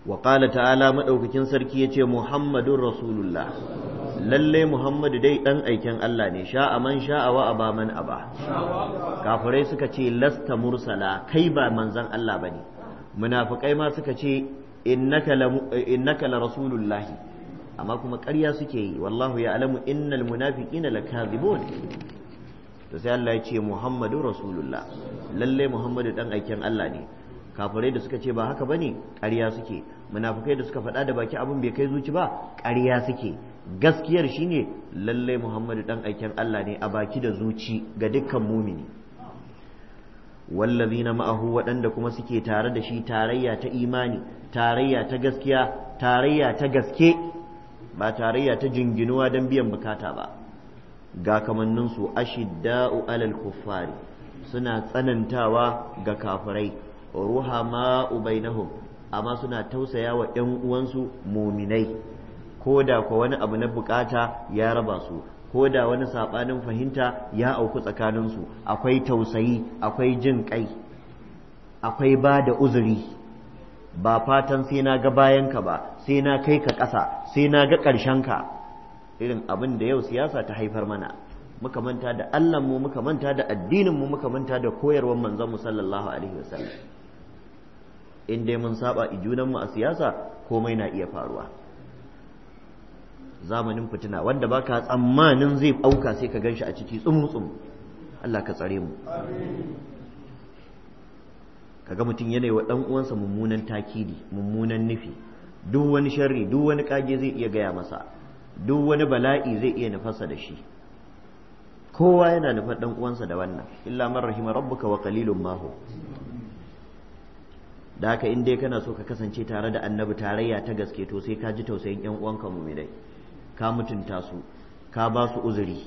wa ƙala ta'ala maɗaukakin sarki ya ce muhammadun rasulullah lalle muhammadu dai ɗan aiken Allah ne sha'a man sha'a wa ba man ba. kafirai suka ce lasta mursala kai ba manzan Allah ba ne munafukai ma suka ce innaka la rasulullah amma kuma ƙarya suke yi wallahu ya alamu innal munafiqina lakazibun to sai Allah ya ce Muhammadu rasulullah lalle Muhammadu dan aikin Allah ne kafirai da suka ce ba haka bane ƙarya suke munafikai da suka faɗa da baki abin bai kai zuci ba ƙarya suke gaskiyar shine lalle Muhammadu dan aikin Allah ne a baki da zuci ga dukkan mumini wallazina ma'ahu waɗanda kuma suke tare da shi tarayya ta imani tarayya ta gaskiya tarayya ta gaske ba tarayya ta jinginuwa don biyan bukata ba ga kamanninsu ashidda'u alal kuffari suna tsanantawa ga kafirai ma bainahum amma suna tausaya wa ‘yan uwansu muminai ko da wani abu na bukata ya raba su ko da wani saɓanin fahimta ya auku tsakaninsu akwai tausayi akwai jin kai akwai ba da uzuri ba fatan sai na ga bayanka ba sai na kai ka ƙasa sai na ga ƙarshenka irin abin da yau siyasa ta haifar mana muka manta da allahnmu muka manta da addininmu muka manta da koyarwar manzonmu sallallahu alaihi wasallam in dai mun saba junanmu a siyasa komai na iya faruwa zamanin fitina wanda ka tsammanin zai auka sai ka ganshi a ciki tsumu Allah ka tsare mu kaga mutum yanayi wa ɗan'uwansa uwansa mummunan takidi mummunan nufi duk wani sharri duk wani kage zai iya gaya masa duk wani bala'i zai iya nufarsa da shi kowa yana nufar ɗan'uwansa uwansa da wannan illa man rahima rabbuka wa qalilun da haka in dai kana so ka kasance tare da annabi tarayya ta gaske to sai ka ji tausayin yan uwanka mu dai ka mutunta su ka ba su uzuri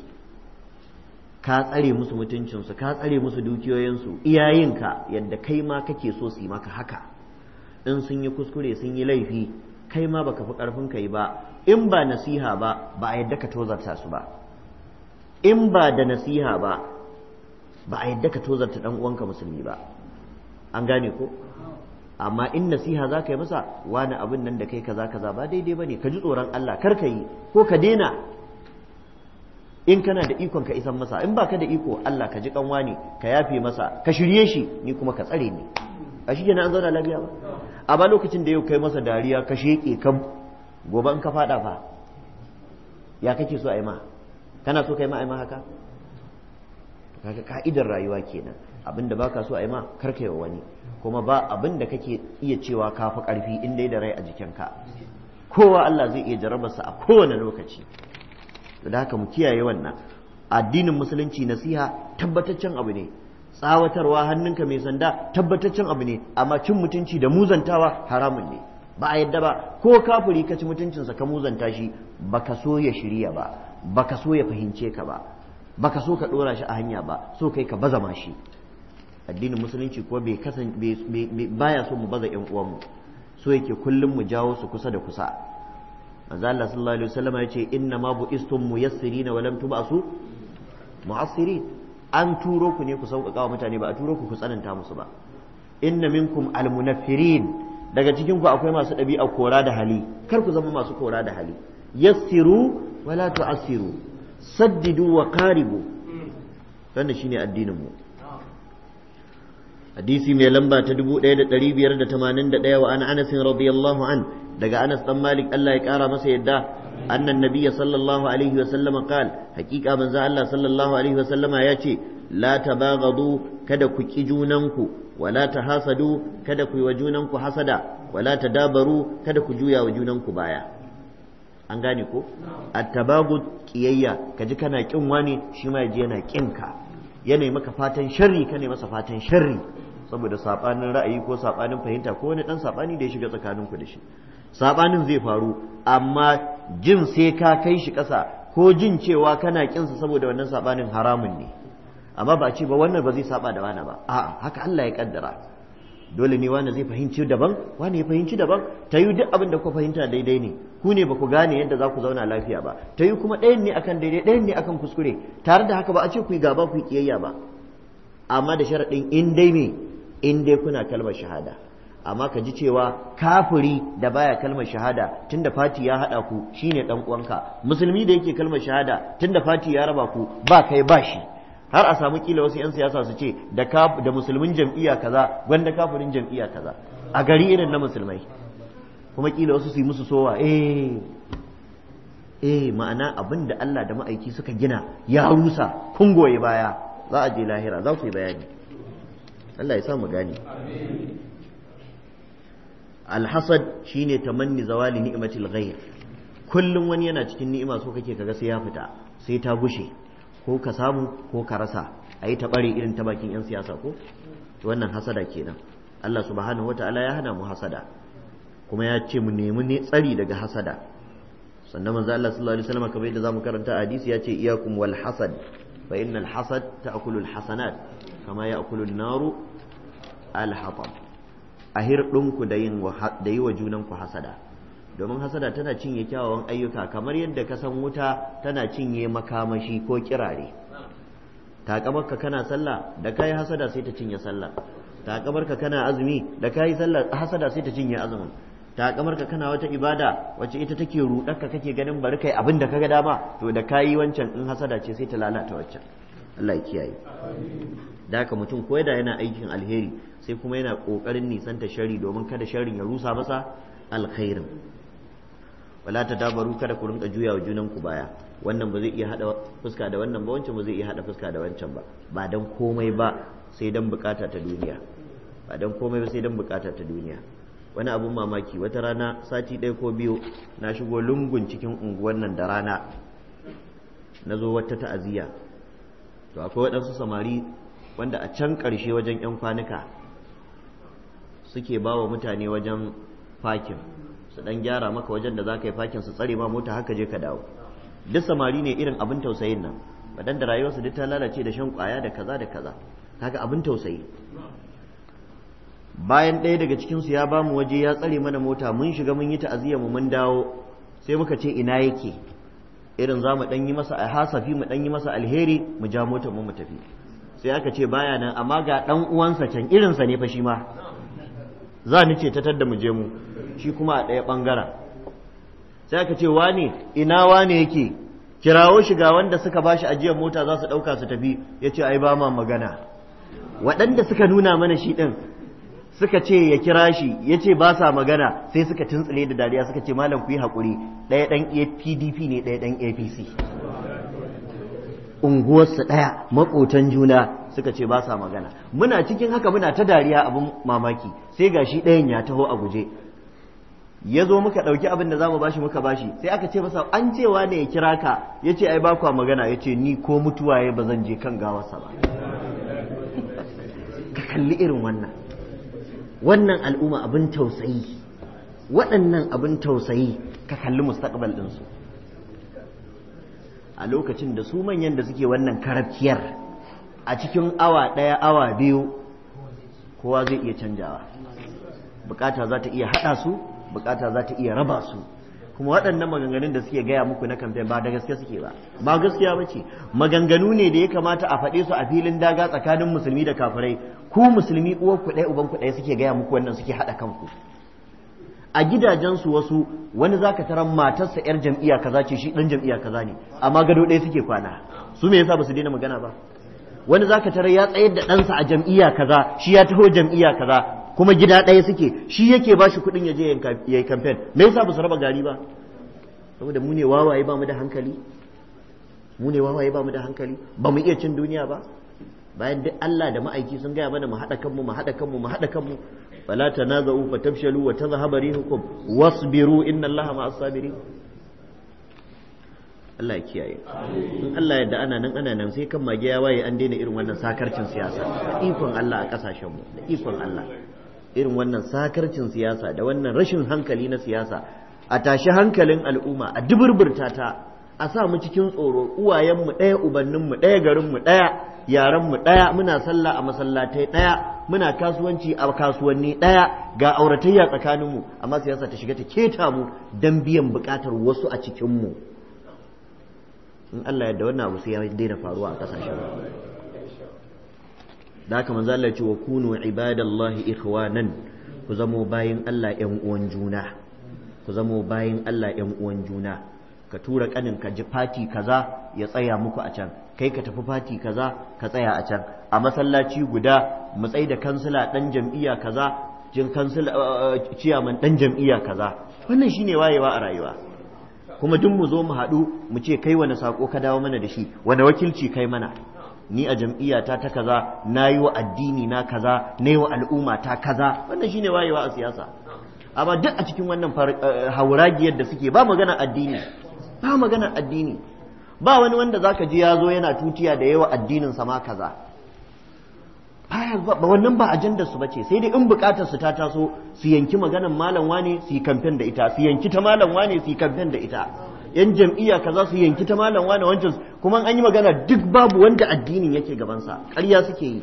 ka tsare musu mutuncinsu ka tsare musu dukiyoyinsu iyayenka yadda kai ma kake so su yi maka haka in sun yi kuskure sun yi laifi kai ma baka fi karfin kai ba in ba nasiha ba ba a yadda ka tozarta su ba in ba da nasiha ba ba a yadda ka tozarta dan uwanka musulmi ba an gane ko amma in nasiha za ka yi masa wani abin nan da kai kaza kaza ba daidai ba ne ka ji tsoron Allah kar ka yi ko ka daina in kana da ikon ka isan masa in baka da iko Allah ka ji kanwa ne ka yafe masa ka shirye shi ni kuma ka tsare ni a shi kenan an zauna lafiya ba A ba lokacin da yau kai masa dariya ka sheke kan gobe in ka fada fa ya kake so a yi ma kana so kai ma a yi ma haka kaga ka'idar rayuwa kenan abinda baka so a yi ma ka yi wa wani kuma ba abin da kake iya cewa ka fi ƙarfi in dai da rai a jikinka kowa Allah zai iya jarabarsa a kowane lokaci da haka mu kiyaye wannan addinin musulunci nasiha tabbataccen abu ne tsawatarwa hannunka mai sanda tabbataccen abu ne amma cin mutunci da muzantawa haramun ne ba a yadda ba ko kafuri ka ci mutuncinsa ka muzanta shi baka so ya shirya ba baka so ya fahimce ka ba baka so ka ɗora shi a hanya ba so kai ka bazama shi addinin musulunci ko bai kasan baya so mu baza yan uwanmu so yake kullum mu jawo su kusa da kusa manzo Allah sallallahu alaihi wasallam ya ce inna ma buistum muyassirina wa lam tubasu mu'assirin an turo ku ne ku sauƙaƙa wa mutane ba a turo ku ku tsananta musu ba inna minkum almunaffirin daga cikin ku akwai masu ɗabi'a kora da hali kar ku zama masu kora da hali yassiru wala tu'assiru saddidu wa qaribu wannan shine addinin mu hadisi mai lamba ta 1581 wa an Anas radiyallahu an daga Anas dan Malik Allah ya kara masa yadda annan nabiyya sallallahu alaihi wa sallama qal haqiqa Allah sallallahu alaihi wa sallama yace la tabaghadu kada ku ki junanku wala tahasadu kada ku junanku hasada wala kada ku juya wa junanku baya an gane ko at-tabagud qiyayya kaji kana kin wani shi ma yaji yana kin ka yana maka fatan sharri kana masa fatan sharri saboda sabanin ra'ayi ko sabanin fahimta ko wani dan sabani da ya shiga tsakanin ku da shi sabanin zai faru amma jin sai ka kai shi kasa ko jin cewa kana kinsa saboda wannan sabanin haramun ne amma ba ce ba wannan ba zai saba da wani ba a'a haka Allah ya kaddara dole ne wani zai fahimci daban wani ya fahimci daban tayi yi duk abin da ku fahimta daidai ne ku ne ba ku gane yadda za ku zauna lafiya ba tayi kuma ɗayan ne akan daidai ɗayan ne akan kuskure tare da haka ba a ce ku yi gaba ku yi kiyayya ba amma da sharaɗin in dai in dai kuna kalmar shahada amma ka ji cewa kafiri da baya kalmar shahada tunda fati ya hada ku shine dan uwanka musulmi da yake kalmar shahada tunda fati ya raba ku ba kai ba shi har a samu kila wasu 'yan siyasa su ce da musulmin jam'iyya kaza gwanda kafirin jam'iyya kaza a gari irin na musulmai kuma kila wasu su yi musu sowa eh eh ma'ana abin da Allah da ma'aiki suka gina ya rusa kun goye baya za a je lahira za su yi bayani Allah ya sa mu gane alhasad shine tamanni zawali ni'matil ghayr kullum wani yana cikin ni'ima so kake kaga sai ya fita sai ta gushe ko ka samu ko ka rasa ayi ta bare irin ta bakin yan siyasa ko To wannan hasada kenan Allah subhanahu wataala ya hana mu hasada kuma ya ce mu nemi ne tsari daga hasada sannan manzo Allah sallallahu alaihi wasallam kamar yadda zamu karanta hadisi ya ce iyakum wal hasad فإن innal تأكل الحسنات كما يأكل kama الحطب أهر naru دين hatab a da yi wa junanku hasada domin hasada tana cinye kyawawan ayyuka kamar yadda ka san wuta tana cinye makamashi ko kirare takamarka kana sallah da kai hasada sai ta cinye sallah takamarka kana azumi da kai sallah hasada sai ta cinye azumin kamar ka kana wata ibada wacce ita take rudarka kake ganin bari kai abin da kaga dama to da kayi wancan in hasada ce sai ta lalata wacce. Allah ya kiyaye da haka mutum ko da yana aikin alheri sai kuma yana kokarin ta shari domin kada sharrin ya rusa masa alkhairin wala ta dabaru kada ku rinka juya wa junan ku baya wannan ba zai iya hada fuska da wannan ba wancan ba zai iya hada fuska da wancan ba ba dan komai ba sai dan bukata ta duniya ba dan komai ba sai dan bukata ta duniya wani abun mamaki wata rana sati ɗaya ko biyu na shigo lungun cikin unguwan nan da rana na zo wata ta'aziyya to akwai waɗansu samari wanda a can ƙarshe wajen 'yan kwanuka suke ba wa mutane wajen fakin su ɗan gyara maka wajen da za ka yi fakin su tsare ma mota haka je ka dawo duk samari ne irin abin tausayin nan waɗanda rayuwarsu duk ta lalace da shan ƙwaya da kaza da kaza kaga abin tausayi bayan ɗaya daga cikinsu ya ba mu waje ya tsare mana mota mun shiga mun yi ta'aziyya mu mun dawo sai muka ce ina yake irin za mu yi masa a hasafi mu ɗan yi masa alheri mu ja mota mu mu tafi sai aka ce baya nan amma ga ɗan uwansa can irinsa ne fa shi ma za ni ce tatar da mu je mu shi kuma a ɗaya ɓangaren sai aka ce wane ina wane yake kirawo shiga wanda suka ba shi ajiyar mota za su ɗauka su tafi ya ce ai ba ma magana waɗanda suka nuna mana shi ɗin suka ce ya kira shi ya ce ba sa magana sai suka tuntsile da dariya suka ce malam ku yi haƙuri ɗaya ɗan pdp ne ɗaya ɗan apc Unguwarsa ɗaya maƙotan juna suka ce ba sa magana muna cikin haka muna ta dariya abin mamaki sai ga shi ɗayan ya taho a guje ya zo muka ɗauki abin da za mu bashi muka bashi sai aka ce masa an cewa ne ya kira ka ya ce ai ba kwa magana ya ce ni ko mutuwa ya ba zan je kan gawarsa ba ka kalli irin wannan wannan al'umma abin tausayi waɗannan abin tausayi ka kalli mustaqbal ɗinsu a lokacin da su manyan da suke wannan karafkiyar a cikin awa ɗaya awa biyu kowa zai iya canjawa bukata za ta iya haɗa su bukata za ta iya raba su kuma waɗannan maganganun da suke gaya muku na kamfen ba da gaske suke ba ba gaskiya ba ce maganganu ne da ya kamata a faɗe su a filin daga tsakanin musulmi da kafirai ku musulmi uwar ku ɗaya uban ku ɗaya suke gaya muku wannan suke haɗa kanku a gidajensu wasu wani zaka taran matarsa yar jam'iyya kaza ce shi ɗan jam'iyya kaza ne amma gado ɗaya suke kwana su me yasa ba su daina magana ba wani zaka tarar ya tsayar da ɗansa a jam'iyya kaza shi ya taho jam'iyya kaza kuma gida ɗaya suke shi yake ba shi kuɗin ya je ya yi kamfen me yasa ba su raba gari ba saboda mu ne wawaye ba mu da hankali mu ne wawaye ba mu da hankali ba mu iya cin duniya ba bayan duk Allah da ma'aiki sun gaya mana mu haɗa kanmu mu haɗa kanmu mu haɗa kanmu fala tanaza'u fa tafshalu wa tadhhabu rihukum wasbiru inna Allaha ma'as sabirin Allah ya kiyaye in Allah yadda ana nan ana nan sai kan mage ya waye an daina irin wannan sakarcin siyasa ikon Allah a kasashen mu ikon Allah irin wannan sakarcin siyasa da wannan rashin hankali na siyasa a tashi hankalin al'umma a duburburta ta a sa mu cikin tsoro uwayenmu ɗaya ubanninmu ɗaya garinmu ɗaya yarenmu ɗaya muna sallah a masallatai ɗaya muna kasuwanci a kasuwanni ɗaya ga auratayya tsakaninmu amma siyasa ta shiga ta keta mu don biyan buƙatar wasu a cikinmu in Allah yadda wannan abu sai ya daina faruwa a ƙasashen da haka manzo Allah ya ce wa kunu ibadallahi ikhwanan ku zamo bayin Allah ƴan uwan juna ku zamo bayin Allah ƴan uwan juna ka tura kanin ka ji fati kaza ya tsaya muku a can kai ka tafi fati kaza ka tsaya a can a masallaci guda mu tsai da kansila dan jam'iyya kaza jin kansila eh, eh, ciyaman dan jam'iyya kaza wannan shine wayewa a rayuwa kuma duk mu zo mu haɗu mu ce kai wani sako ka dawo mana da shi wani wakilci kai mana ni a jam'iyyata ta kaza na yi wa addini na kaza na yi wa al'umma ta kaza wannan shine wayewa a siyasa amma duk a cikin wannan eh, hauragiyar da suke ba magana addini ba magana addini ba wani wanda zaka ji ya zo yana tutiya da yawa addinin sa ma kaza ba wannan ba ajandar su bace sai dai in bukatar su ta taso su yanki maganar malam wane su yi kamfen da ita su yanki ta malam wane su yi kamfen da ita yan jam'iyya kaza su yanki ta malam wani wancan kuma an yi magana duk babu wanda addinin yake gabansa ƙarya suke yi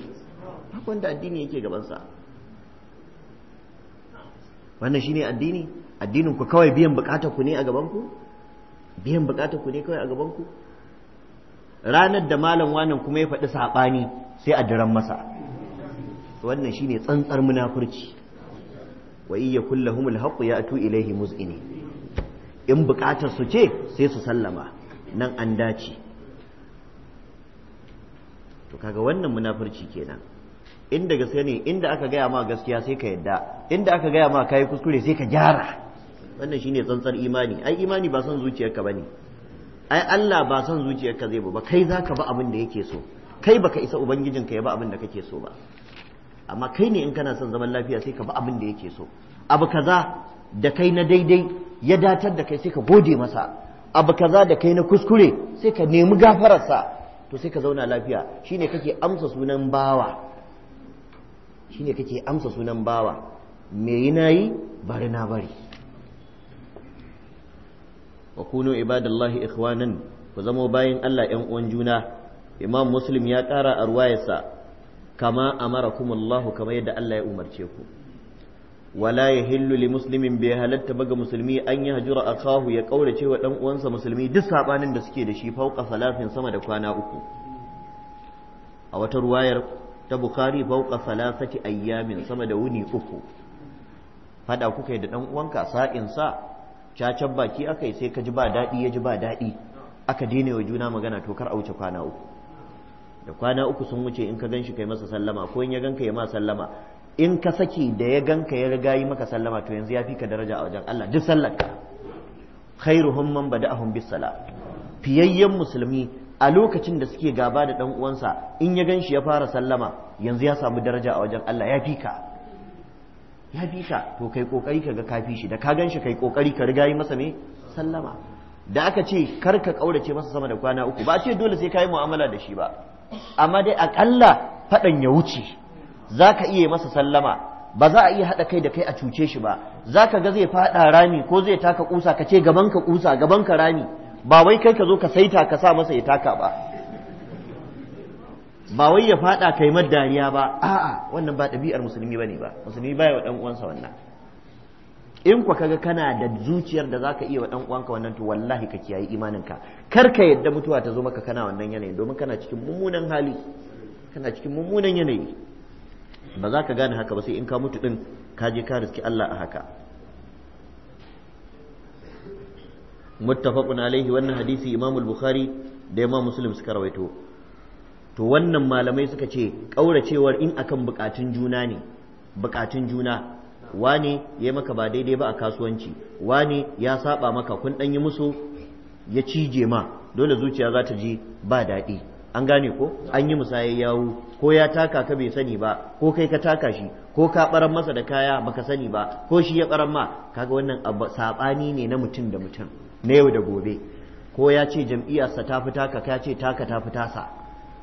babu wanda addini yake gabansa wannan shine addini addinin ku kawai biyan bukatar ku ne a gaban ku biyan bukatar ku ne kawai a gaban ku ranar da malam wani kuma ya faɗi saɓani sai a diran masa wannan shine tsantsar munafurci wa iya kullahumul haqqu atu ilaihi muz'ini in bukatar su ce sai su sallama nan an dace to kaga wannan munafurci kenan inda gaske ne inda aka gaya ma gaskiya sai ka yadda inda aka gaya ma kayi kuskure sai ka gyara wannan shine tsantsar imani ai imani ba son zuciyarka bane ai Allah ba son zuciyarka zai ba kai zaka ba abin da yake so kai baka isa ubangijin ka ya ba abin da kake so ba amma kai ne in kana son zaman lafiya sai ka ba abin da yake so abu kaza da kai na daidai ya datar da kai sai ka gode masa abu kaza da kai na kuskure sai ka nemi gafararsa to sai ka zauna lafiya shine kake amsa sunan bawa shine kake amsa sunan bawa me yi bari na bari wa kunu ibadallahi ikhwanan ku zamo bayan Allah 'yan uwan juna imam muslim ya ƙara a ruwayarsa kama amarakumullahu kamar yadda Allah ya umarce ku wala ya hilluli musulmin bai halatta ba ga musulmi an yi hajura akahu ya kaurace wa ɗan'uwansa musulmi duk saɓanin da suke da shi fauka salafin sama da kwana uku a wata ruwayar ta bukhari fauka salasati ayyamin sama da wuni uku Faɗa kuka da dan uwanka sa'in sa cacan baki aka sai ka ji ba daɗi ya ba daɗi aka daina wa juna magana to kar a wuce kwana uku da kwana uku sun wuce in ka gan shi kai masa sallama ko in ya gan ya ma sallama in ka saki da ya ganka ya riga yi maka sallama to yanzu ya fi ka daraja a wajen Allah duk sallar ka khairuhum man bada'ahum bis sala fiyayyen musulmi a lokacin da suke gaba da dan uwansa in ya ganshi ya fara sallama yanzu ya samu daraja a wajen Allah ya fi ka ya fi ka to kai kokari ka ga kafi shi da ka ganshi kai kokari ka riga yi masa me sallama da aka ce kar ka kaurace masa sama da kwana uku ba ce dole sai ka yi mu'amala da shi ba amma dai akalla fadan ya wuce za ka iya masa sallama ba za a iya haɗa kai da kai a cuce shi ba za ka ga zai faɗa rami ko zai taka ƙusa ka ce gaban ka ƙusa gaban ka rami ba wai kai ka zo ka saita ka sa masa ya taka ba ba wai ya faɗa kai dariya ba a'a wannan ba ɗabi'ar musulmi ba ne ba musulmi baya wa ɗan uwansa wannan in kwa kaga kana da zuciyar da zaka iya wa dan uwanka wannan to wallahi ka kiyaye imaninka kar ka yadda mutuwa ta zo maka kana wannan yanayin domin kana cikin mummunan hali kana cikin mummunan yanayi ba za ka gane haka ba sai in ka mutu din ka je ka riski Allah a haka muttafaqun alaihi wannan hadisi Imam al-Bukhari da Imam Muslim suka rawaito to wannan malamai suka ce kauracewar in akan bukatun juna ne bukatun juna wane ya maka ba daidai ba a kasuwanci wane ya saba maka kun dan yi musu ya cije ma dole zuciya za ta ji ba daɗi an gane ko an yi musayar yawo ko ya taka ka bai sani ba ko kai ka taka shi ko ka baran masa da kaya baka sani ba ko shi ya baran ma kaga wannan sabani ne na mutum da mutum na yau da gobe ko ya ce jam'iyyarsa ta fita ka ka ce taka ta fita sa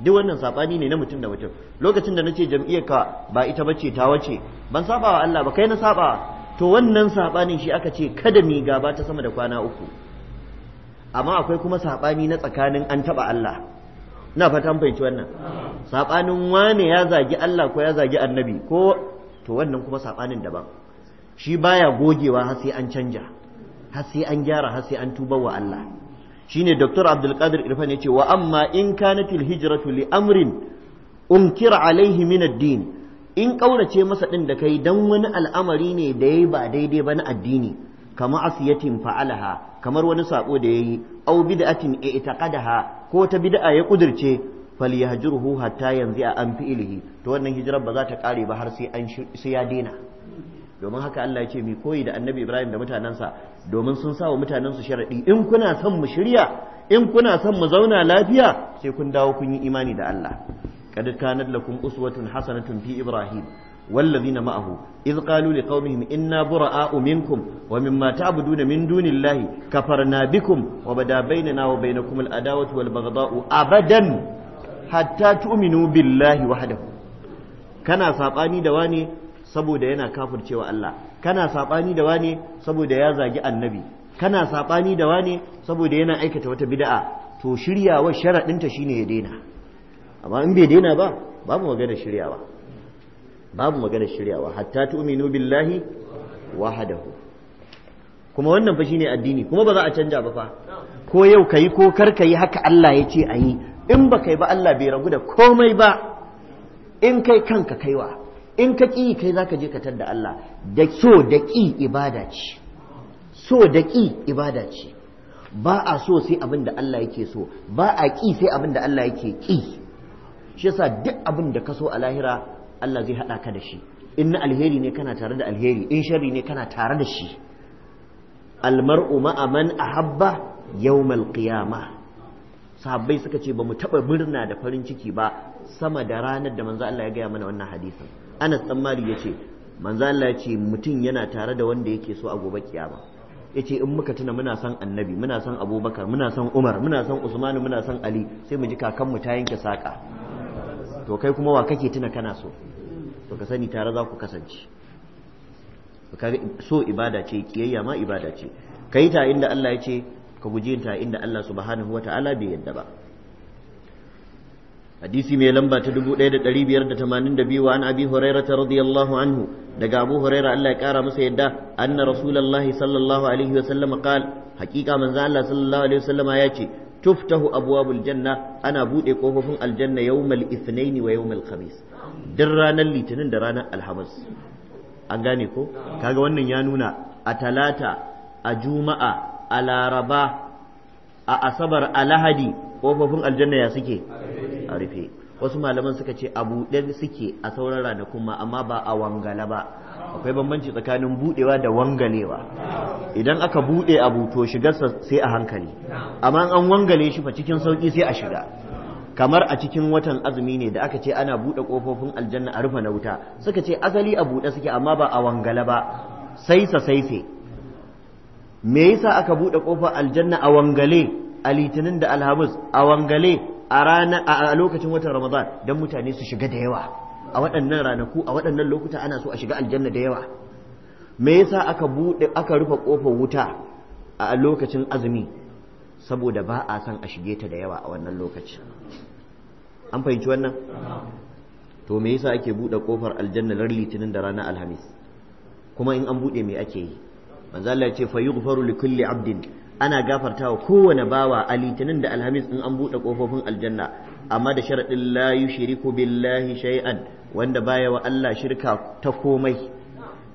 duk wannan sabani ne na mutum da mutum lokacin da nace jam'iyyar ka ba ita ba ce ta wace ban saba wa Allah ba kai na saba to wannan saɓanin shi aka ce kada mi gaba ta sama da kwana uku amma akwai kuma saɓani na tsakanin an taɓa Allah na fatan fahimci wannan sabanin wane ya zagi Allah ko ya zagi annabi ko to wannan kuma sabanin daban shi baya gogewa har sai an canja har sai an gyara har sai an tuba wa Allah shine Dr. Abdul Qadir Irfan yace wa amma in kanatil hijratu li amrin unkir alaihi min ad-din in kaurace masa din da kai dan wani al'amari ne da yayi ba daidai ba na addini kama asiyatin fa'alaha kamar wani sako da yayi au bid'atin i'taqadaha ko ta bid'a ya kudirce falyahjurhu hatta yanzu a an fi'ilihi to wannan hijirar ba za ta kare ba har sai an sai ya dena domin haka Allah ya ce mi koyi da Annabi Ibrahim da mutanansa domin sun sawa mutanansu sharadi in kuna son mu shirya in kuna son mu zauna lafiya sai kun dawo kun yi imani da Allah kad kanat lakum uswatun hasanatun fi Ibrahim والذين معه إذ قالوا لقومهم إنا براء منكم ومما تعبدون من دون الله كفرنا بكم وبدا بيننا وبينكم الأداوة والبغضاء أبدا حتى تؤمنوا بالله وحده كان ساباني دواني saboda yana kafircewa Allah kana sabani da wane saboda ya zagi annabi kana sabani da wane saboda yana aikata wata bida'a. to shiryawa sharadinta shine ya daina amma in bai daina ba babu magana shiryawa babu magana shiryawa hatta tu'minu billahi wahdahu kuma wannan fa shine addini kuma ba za a canja ba fa ko yau kayi ko kar kayi haka Allah ya ce ayi in ba kai ba Allah bai ragu da komai ba in kai kanka kaiwa in ka ƙi kai zaka je ka tadda Allah da so da ƙi ibada ce so da ƙi ibada ce ba a so sai abin da Allah yake so ba a ƙi sai abin da Allah yake ƙi shi yasa duk abin da ka so a lahira Allah zai haɗa ka da shi in na alheri ne kana tare da alheri in shari ne kana tare da shi almar'u ma'a man ahabba yawmal qiyamah sahabbai suka ce bamu taba birna da farin ciki ba sama da ranar da manzo Allah ya gaya mana wannan hadisin Anas dan Malik yace manzo Allah ya ce mutum yana tare da wanda yake so a gobe kiyama yace in muka tuna muna son annabi muna son abubakar muna son umar muna son usman muna son ali sai mu ji kakanmu ta yanke saƙa. to kai kuma wa kake tuna kana so to ka sani tare za ku kasance so ibada ce kiyayya ma ibada ce kai ta inda Allah ya ce ka guji ta inda Allah subhanahu wa ta'ala bai yadda ba hadisi mai lamba ta 1582 wa an abi ta radiyallahu anhu daga abu huraira Allah ya kara masa yadda anna rasulullahi sallallahu alaihi wa sallam qala haqiqa manzo Allah sallallahu alaihi wa sallama ya ce tuftahu abwabul janna ana bude kofofin aljanna yawmal ithnain wa yawmal khamis duk ranar litinin da ranar alhamis an gane ko kaga wannan ya nuna a talata a juma'a a laraba a asabar a lahadi kofofin aljanna ya suke a rufe wasu malaman suka ce a buɗe suke a sauran ranakun ma amma ba a wangala ba akwai bambanci tsakanin buɗewa da wangalewa idan aka buɗe abu to shigarsa sai a hankali amma an wangale shi fa cikin sauƙi sai a shiga kamar a cikin watan azumi ne da aka ce ana buɗe ƙofofin aljanna a rufe na wuta suka ce asali a buɗe suke amma ba a wangala ba sai sa sai sai me yasa aka buɗe ƙofar aljanna a wangale a litinin da alhamis a wangale a lokacin watan ramadan don mutane su shiga da yawa a waɗannan ranaku a waɗannan lokuta ana so a shiga aljanna da yawa me yasa aka buɗe aka rufe ƙofar wuta a lokacin azumi saboda ba a san a shige ta da yawa a wannan lokacin an fahimci wannan to me yasa ake buɗe ƙofar aljanna ran litinin da ranar alhamis kuma in an buɗe me ake yi manzo Allah ya ce fa yughfaru li kulli abdin ana gafarta wa kowane bawa a litinin da alhamis in an buɗe ƙofofin aljanna amma da sharaɗin la yushriku billahi shay'an wanda baya wa Allah shirka ta komai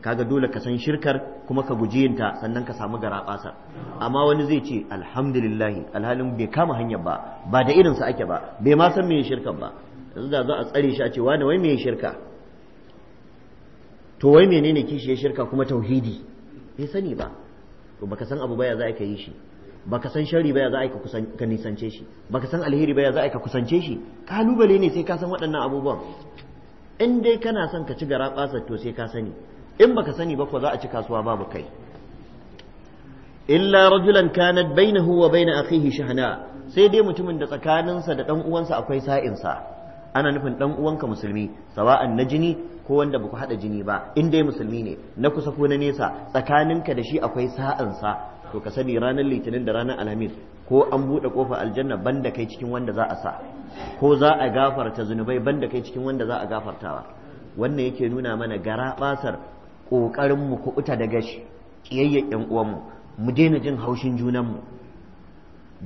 kaga dole ka san shirkar kuma ka guji yinta sannan ka samu garaɓasa amma wani zai ce alhamdulillahi alhalin bai kama hanyar ba ba da irinsa ake ba bai ma san me shirkar ba yanzu da za a tsare shi a ce wani wai me shirka to wai menene kishi ya shirka kuma tauhidi bai sani ba to baka san abu baya za ka yi shi baka san shari baya za ka nisance shi baka san alheri baya za ka kusance shi kalubale ne sai ka san waɗannan abubuwan in dai kana son ka ci gara ƙasa to sai ka sani in baka sani ba ko za a ci kasuwa babu kai illa rajulan kanat bainahu wa bain akhihi shahana sai dai mutumin da tsakaninsa da dan uwansa akwai sa'insa ana nufin ɗan uwanka musulmi sawa'an na jini ko wanda baku haɗa jini ba in dai musulmi ne na kusa ko na nesa tsakaninka da shi akwai sa'ansa to ka sani ranar litinin da ranar alhamis ko an buɗe ƙofar aljanna banda kai cikin wanda za a sa ko za a gafarta zunubai banda kai cikin wanda za a gafartawa wannan yake nuna mana gara basar ƙoƙarin ku uta daga shi ƙiyayyar ƴan uwanmu mu daina jin haushin junanmu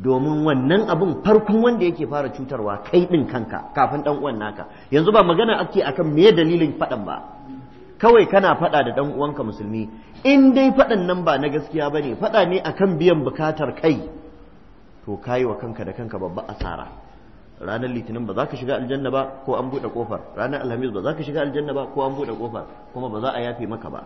domin wannan abun farkon wanda yake fara cutarwa kai ɗin kanka kafin ɗan uwan naka yanzu ba magana ake akan me dalilin faɗan ba kawai kana faɗa da ɗan uwanka musulmi in dai faɗan nan ba na gaskiya ne faɗa ne akan biyan bukatar kai to kayi wa kanka da kanka babba asara ranar litinin ba za ka shiga aljanna ba ko an buɗe kofar ranar alhamis ba za ka shiga aljanna ba ko an buɗe kofar kuma ba za a yafe maka ba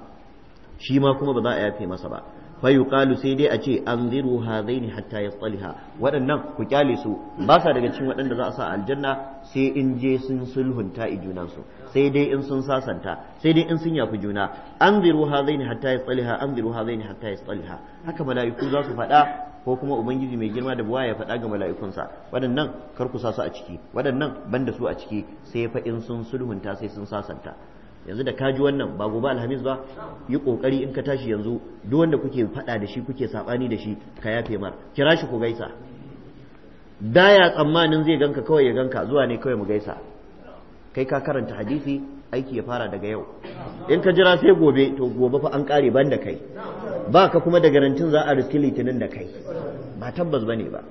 shi ma kuma ba za a yafe masa ba fayuqalu sai dai a ce anziru hadaini hatta yasliha waɗannan ku kyale su ba sa daga cikin waɗanda za a sa aljanna sai in je sun sulhunta i junan su sai dai in sun sasanta sai dai in sun yafi juna anziru hadaini hatta yasliha anziru hadaini hatta yasliha haka mala'iku za su faɗa ko kuma ubangiji mai girma da buwa ya faɗa ga mala'ikunsa waɗannan kar ku sa a ciki waɗannan banda su a ciki sai fa in sun sulhunta sai sun sasanta yanzu da kaji wannan ba gobe alhamis ba yi kokari in ka tashi yanzu duk wanda kuke faɗa da shi kuke sabani da shi ka yafe mar kira shi ku gaisa Da ya tsammanin zai ganka kawai ya ganka zuwa ne kawai mu gaisa kai ka karanta hadisi aiki ya fara daga yau in ka jira sai gobe to gobe fa an kare ban da kai ba ka kuma da garantin za a riski litinin da kai ba tabbas bane ba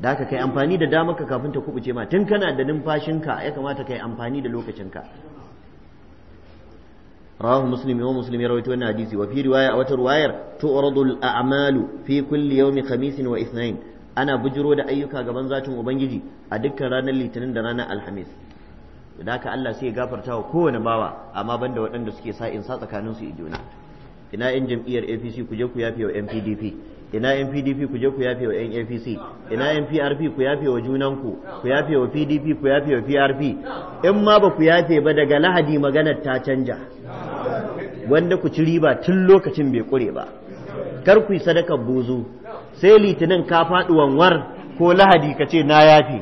da ka kai amfani da damar ka kafin ta kubuce ma tun kana da numfashinka ya kamata ka yi amfani da lokacinka rawahu muslim wa muslim ya rawaito hadisi wa fi riwaya a wata riwayar tu'radul a'malu fi kulli yawmi khamisin wa ithnain ana bujiro da ayyuka gaban zatin ubangiji a dukkan ranar litinin da ranar alhamis da haka Allah sai ya gafarta wa kowane bawa amma banda waɗanda suke sa in sa tsakanin tsakaninsu juna ina yan jam'iyyar APC ku je ku yafe wa MPDP ina yan pdp ku je ku yafe wa yan ina yan ku yafe wa junanku ku yafe wa pdp ku yafe wa prp in ma ba ku yafe ba daga lahadi maganar ta canja wanda ku ci riba tun lokacin bai kure ba kar ku yi sadakar buzu sai litinin ka faɗi wanwar ko lahadi ka ce na yafe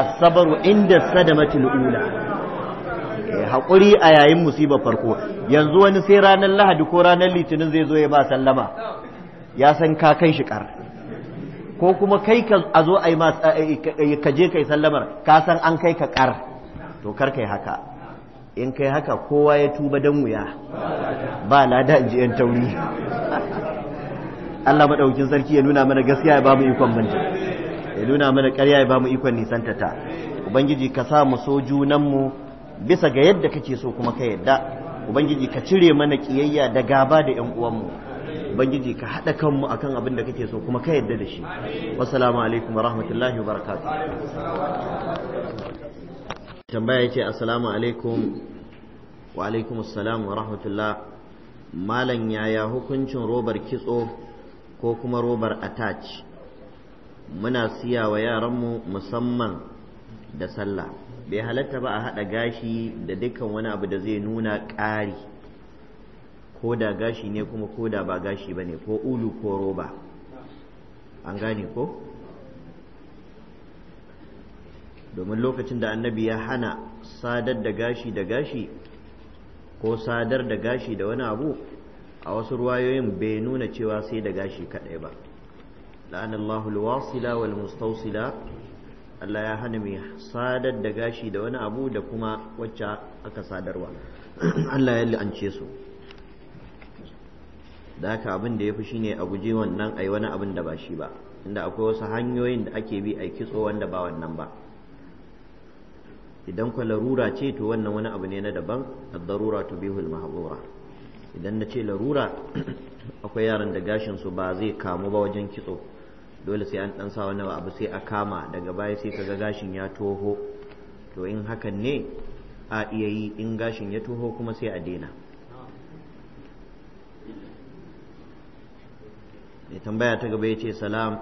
asabaru inda sadamatul ula haƙuri a yayin musibar farko yanzu wani sai ranar lahadi ko ranar litinin zai zo ya ba sallama ya san ka kai shi kar ko kuma kai ka a zo a yi ka je kai sallamar ka san an kai ka kar to kar kai haka in kai haka kowa ya tuba dan wuya ba lada in ji yan tauri Allah maɗaukin sarki ya nuna mana gaskiya ya ba mu ikon banta ya nuna mana ƙarya ya ba mu ikon ta ubangiji ka sa mu so junanmu bisa ga yadda kake so kuma ka yadda ubangiji ka cire mana ƙiyayya da gaba da yan uwanmu ubangiji ka haɗa kanmu akan abin da kake so kuma ka yadda da shi wassalamu alaikum wa rahmatullahi wa barakatuh tambaya ce assalamu alaikum wa alaikum assalam wa rahmatullah malam yaya hukuncin robar kitso ko kuma robar attach muna siya wa yaranmu musamman da sallah bai halatta ba a haɗa gashi da dukkan wani abu da zai nuna ƙari ko da gashi ne kuma ko da ba gashi ba ne ko ulu ko roba an gane ko domin lokacin da annabi ya hana sadar da gashi da gashi ko sadar da gashi da wani abu a wasu ruwayoyin bai nuna cewa sai da gashi kadai ba la'anallahu wasila wal mustausila Allah ya hana mai sadar da gashi da wani abu da kuma wacce aka sadarwa Allah ya la'ance su da haka abin da ya fi shine a guji wannan ai wani abin da ba shi ba inda akwai wasu hanyoyin da ake bi a kitso wanda ba wannan ba idan kwa larura ce to wannan wani abu ne na daban ad-darura bihul mahdura idan na ce larura akwai yaran da gashin su ba zai kamu ba wajen kitso dole sai an dan sa wani abu sai a kama daga baya sai kaga gashin ya toho to in hakan ne a iya yi in gashin ya toho kuma sai a daina mai tambaya ta gaba ya ce salam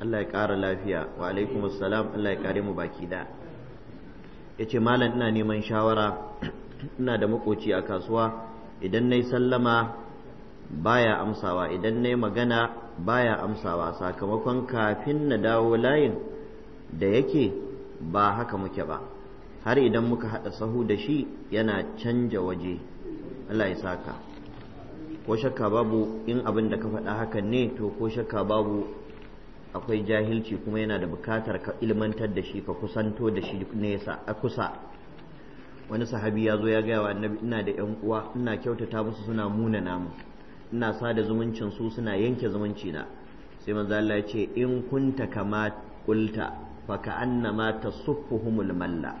Allah ya ƙara lafiya wa alaikum salam Allah ya ƙare mu baki da ya ce malam ina neman shawara ina da makoci a kasuwa idan na yi sallama baya amsawa idan na yi magana baya amsawa sakamakon kafin na dawo layin da yake ba haka muke ba har idan muka haɗa sahu da shi yana canja waje Allah ya saka ko shakka babu in abin da ka faɗa hakan ne to ko shakka babu akwai jahilci kuma yana da bukatar ka ilmantar da shi ka kusanto da shi nesa a kusa wani sahabi ya zo ya gaya wa annabi ina da yan uwa ina kyautata musu suna muna namu ina sada zumuncin su suna yanke zumunci na sai manzo Allah ya ce in kunta kama kulta fa ka annama tasuffuhumul malla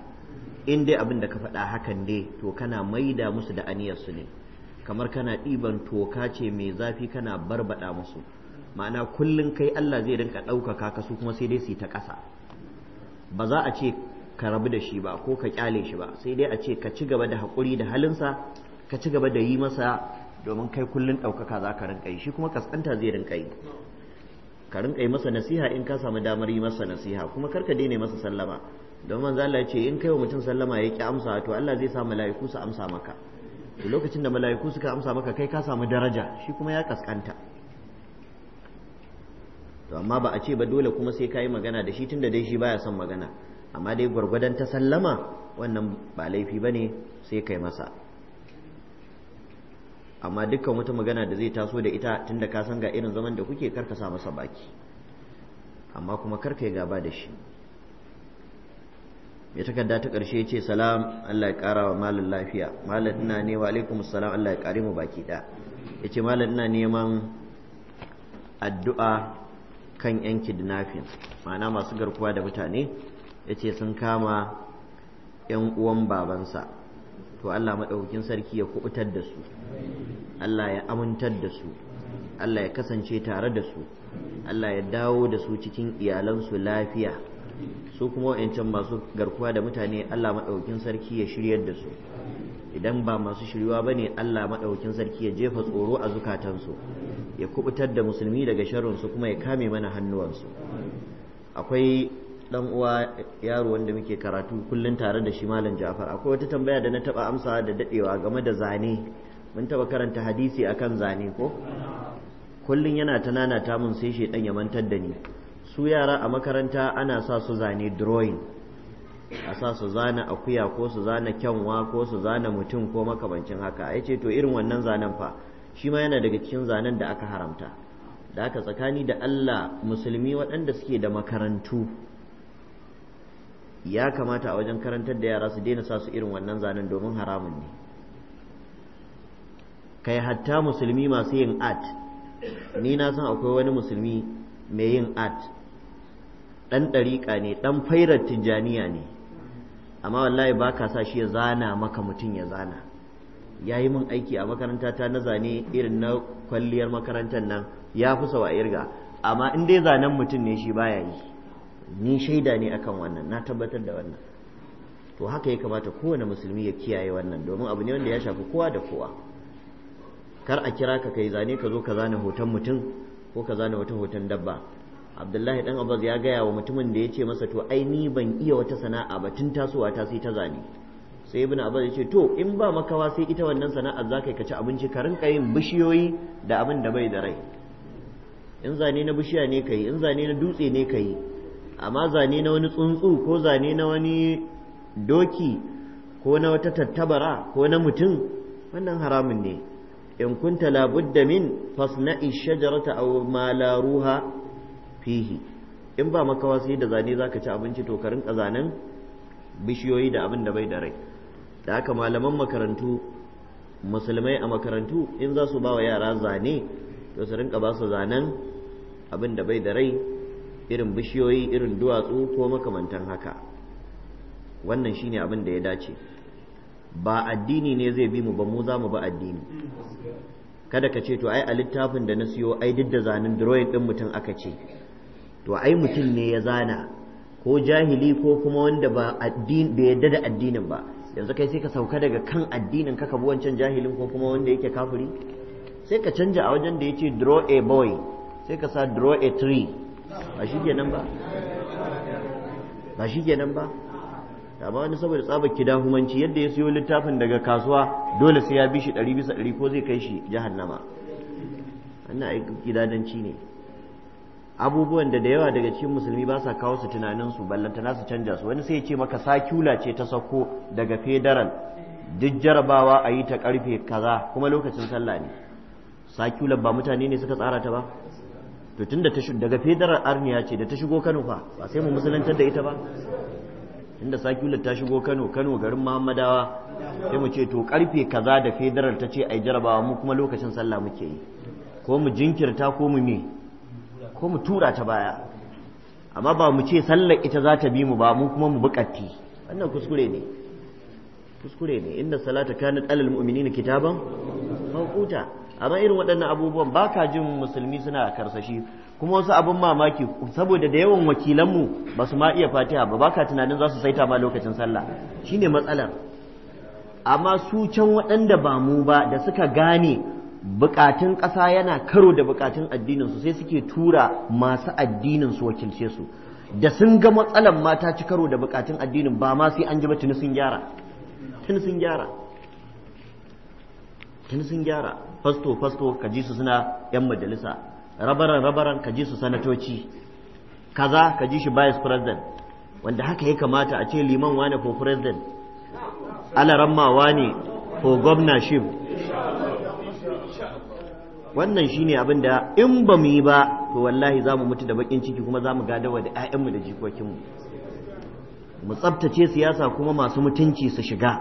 in dai abin da ka faɗa hakan ne to kana maida musu da aniyar su ne kamar kana ɗiban toka ce mai zafi kana barbada musu ma'ana kullum kai Allah zai rinka ɗaukaka ka su kuma sai dai su ta ƙasa ba za a ce ka rabu da shi ba ko ka ƙyale shi ba sai dai a ce ka ci gaba da haƙuri da halinsa ka ci gaba da yi masa domin kai kullum ɗaukaka za ka rinka yi shi kuma kaskanta zai rinka yi ka rinka yi masa nasiha in ka samu damar yi masa nasiha kuma kar ka daina masa sallama domin manzo Allah ce in kai wa mutum sallama ya ƙi amsa to Allah zai sa mala'iku su amsa maka lokacin da mala'iku suka amsa maka kai ka samu daraja shi kuma ya kaskanta to amma ba a ce ba dole kuma sai yi magana da shi tunda dai shi baya son magana amma dai gwargwadon ta sallama wannan ba laifi bane sai kai masa amma dukkan wata magana da zai taso da ita tunda ka san ga irin zaman da kuke karka sa masa baki amma kuma karka yi gaba da shi mai takarda ta ƙarshe ce salam Allah ya ƙara wa malam lafiya malam ina ne wa alaikum salam Allah ya ƙari mu baki ɗaya ya ce malam ina neman addu'a kan yan kidnapping ma'ana masu garkuwa da mutane ya ce sun kama yan uwan babansa to Allah maɗaukin sarki ya kubutar da su Allah ya amintar da su Allah ya kasance tare da su Allah ya dawo da su cikin iyalansu lafiya su kuma wa'ancan masu garkuwa da mutane Allah maɗaukin sarki ya shiryar da su idan ba masu shiryuwa ba ne Allah maɗaukin sarki ya jefa tsoro a zukatansu ya kubutar da musulmi daga su kuma ya kame mana hannuwansu akwai ɗan uwa yaro wanda muke karatu kullum tare da shi malam Ja'far akwai wata tambaya da na taba amsawa da daɗewa game da zane mun taɓa karanta hadisi akan zane ko kullum yana ta nanata mun sai shi ya mantar da ni su yara a makaranta ana sa su zane drawing a sa su zana akuya ko su zana kyanwa ko su zana mutum ko makamancin haka ya ce to irin wannan zanen fa shi ma yana daga cikin zanen da aka haramta da aka tsakani da Allah musulmi waɗanda suke da makarantu ya kamata a wajen karantar da yara su daina sa su irin wannan zanen domin haramun ne kai hatta musulmi masu yin art ni na san akwai wani musulmi mai yin art ɗan ɗariƙa ne ɗan fairar tijjaniya ne amma wallahi ba ka sa shi ya zana maka mutum ya zana ya yi min aiki a makaranta ta na zane irin na kwalliyar makarantar nan ya fi sawa irga amma in dai zanen mutum ne shi baya yi ni shaida ne akan wannan na tabbatar da wannan to haka ya kamata kowane musulmi ya kiyaye wannan domin abu ne wanda ya shafi kowa da kowa kar a kira ka kai zane ka zo ka zane hoton mutum ko ka zana wata hoton dabba abdullahi dan abbas ya gaya wa mutumin da ya ce masa to ai ni ban iya wata sana'a ba tun tasowa ta sai ta zane sai ibn abbas ya ce to in ba makawa sai ita wannan sana'ar za ka ci abinci ka rinka yin bishiyoyi da abin da bai da rai in zane na bishiya ne ka yi in zane na dutse ne ka yi amma zane na wani tsuntsu ko zane na wani doki ko na wata tattabara ko na mutum wannan haramun ne in kunta labudda min fasna'i shajarata aw ma ruha fihi in ba makawa sai da zane zaka ci abinci to ka rinka zanen bishiyoyi da abin da bai da rai da haka malaman makarantu musulmai a makarantu in za su ba wa yara zane to su rinka ba su zanen abin da bai da rai irin bishiyoyi irin duwatsu ko makamantan haka wannan shine abin da ya dace ba addini ne zai bi mu ba mu za mu ba addini kada ka ce to ai a littafin da na siyo ai duk da zanen drawing din mutum aka ce to ai mutum ne ya zana ko jahili ko kuma wanda ba addin bai yadda da addinin ba yanzu kai sai ka sauka daga kan addinin ka ka kabu wancan jahilin ko kuma wanda yake kafiri sai ka canja a wajen da yace draw a boy sai ka sa draw a tree ba shi kenan ba ba shi kenan ba ba wani saboda tsaba kida humanci yadda ya siyo littafin daga kasuwa dole sai ya bi shi ɗari bisa ɗari ko zai kai shi jahannama wannan aiki gidadanci ne abubuwan da da yawa daga cikin musulmi ba sa kawo su tunanin su ballanta na su canja su wani sai ya ce maka sakula ce ta sako daga federal duk jarabawa a yi ta karfe kaza kuma lokacin sallah ne sakula ba mutane ne suka tsara ta ba to tunda ta daga federal arniya ce da ta shigo kano fa ba sai mu musulantar da ita ba tunda sakula ta shigo kano kano garin muhammadawa sai mu ce to karfe kaza da federal ta ce a yi jarabawa mu kuma lokacin sallah muke yi ko mu jinkirta ko mu me ko mu tura ta baya amma ba mu ce sallar ita za ta bi mu ba mu kuma mu bukatti wannan kuskure ne kuskure ne inda salata kana alal mu'minina kitaban mawquta amma irin waɗannan abubuwan ba ka jin musulmi suna karsashi kuma wasu abin mamaki saboda da yawan wakilanmu ba su ma iya fatiha ba baka tunanin za su saita ma lokacin sallah shine matsalar amma su can waɗanda ba mu ba da suka gane bukatun ƙasa yana karo da bukatun addininsu sai suke tura masu addininsu wakilce su da sun ga matsalan mata ci karo da bukatun addinin ba ma sai an ji ba tuni sun gyara tuni sun gyara tuni sun gyara fasto fasto ka ji su suna yan majalisa rabaran rabaran ka ji su sanatoci kaza ka ji shi vice president wanda haka ya kamata a ce liman wane ko president alaramma wane ko governorship wannan shine abin da in ba mu yi ba to wallahi za mu mutu da bakin ciki kuma za mu wa da 'ya'yanmu da jikokinmu mu tsabtace siyasa kuma masu mutunci su shiga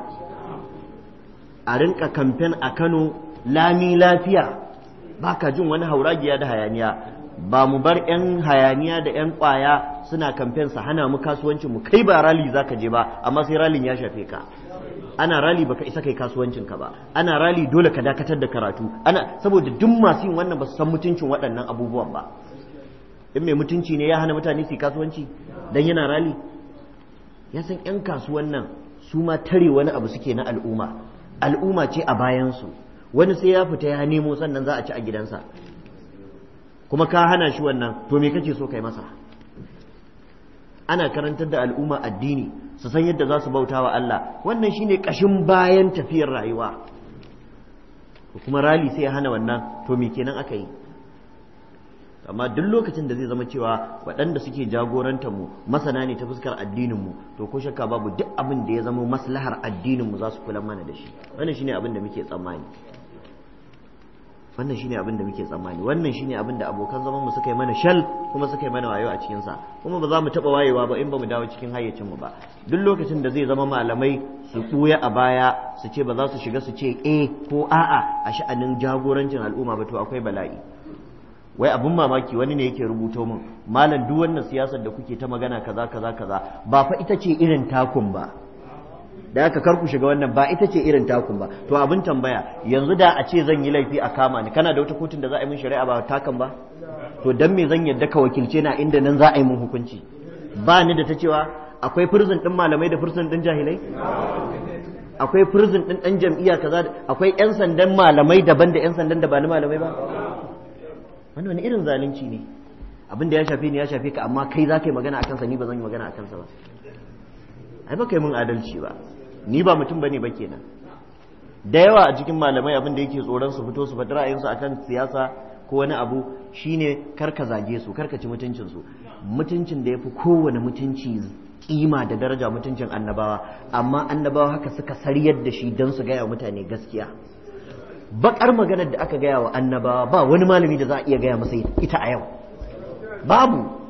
a rinka kamfen a kano lami lafiya ba ka jin wani hauragiya da hayaniya ba mu bar 'yan hayaniya da 'yan kwaya suna kamfen su hana mu kasuwancin mu kai ba rali za ka je ba amma sai ralin ya shafe ka ana rali baka isa kai kasuwancin ka ba ana rali dole ka dakatar da karatu ana saboda duk masu yin wannan ba su san mutuncin waɗannan abubuwan ba in mai mutunci ne ya hana mutane su kasuwanci dan yana rali ya san yan kasuwan nan su ma tare wani abu suke na al'umma al'umma ce a bayan su wani sai ya fita ya nemo sannan za a ci a gidansa kuma ka hana shi wannan to me kake so kai masa ana karantar da al'umma addini su san yadda za su bauta wa Allah wannan shine kashin bayan tafiyar rayuwa kuma rali sai ya hana wannan to me kenan aka yi amma duk lokacin da zai zama cewa waɗanda suke jagorantar mu masana ne ta fuskar addinin mu to ko shakka babu duk abin da ya zama maslahar addinin mu za su kula mana da shi wannan shine abin da muke tsammani wannan shine abin da muke tsammani wannan shine abin da abokan zaman mu suka yi mana shal kuma suka yi mana wayo a cikin sa kuma ba za mu taba wayewa ba in ba mu dawo cikin hayyacin mu ba duk lokacin da zai zama malamai su buya a baya su ce ba za su shiga su ce eh ko a'a a sha'anin jagorancin al'umma ba to akwai bala'i wai abun mamaki wani ne yake rubuto min malam duk wannan siyasar da kuke ta magana kaza kaza kaza ba fa ita ce irin takun ba da aka karku shiga wannan ba ita ce irin takun ba to abin tambaya yanzu da a ce zan yi laifi a kama ni kana da wata kotun da za a yi min shari'a ba takan ba to dan me zan yadda ka wakilce na inda nan za a yi min hukunci ba ni da ta cewa akwai prison din malamai da prison din jahilai akwai prison din dan jam'iyya kaza akwai yan sandan malamai daban da yan sandan da ba ni malamai ba wannan wani irin zalunci ne abin da ya shafe ni ya shafe ka amma kai za ka yi magana akan sa ni ba zan yi magana akan sa ba ai ba kai mun adalci ba ni ba mutum bane ba kenan da yawa a cikin malamai abin da yake tsoron su fito su faɗi ra'ayinsu akan siyasa ko wani abu shine ka zage su kar ka ci mutuncin su mutuncin da ya fi kowane mutunci kima da daraja mutuncin annabawa amma annabawa haka suka sariyar da shi don su gaya mutane gaskiya bakar maganar da aka gaya wa annabawa ba wani malami da za a iya gaya masa ita a yau babu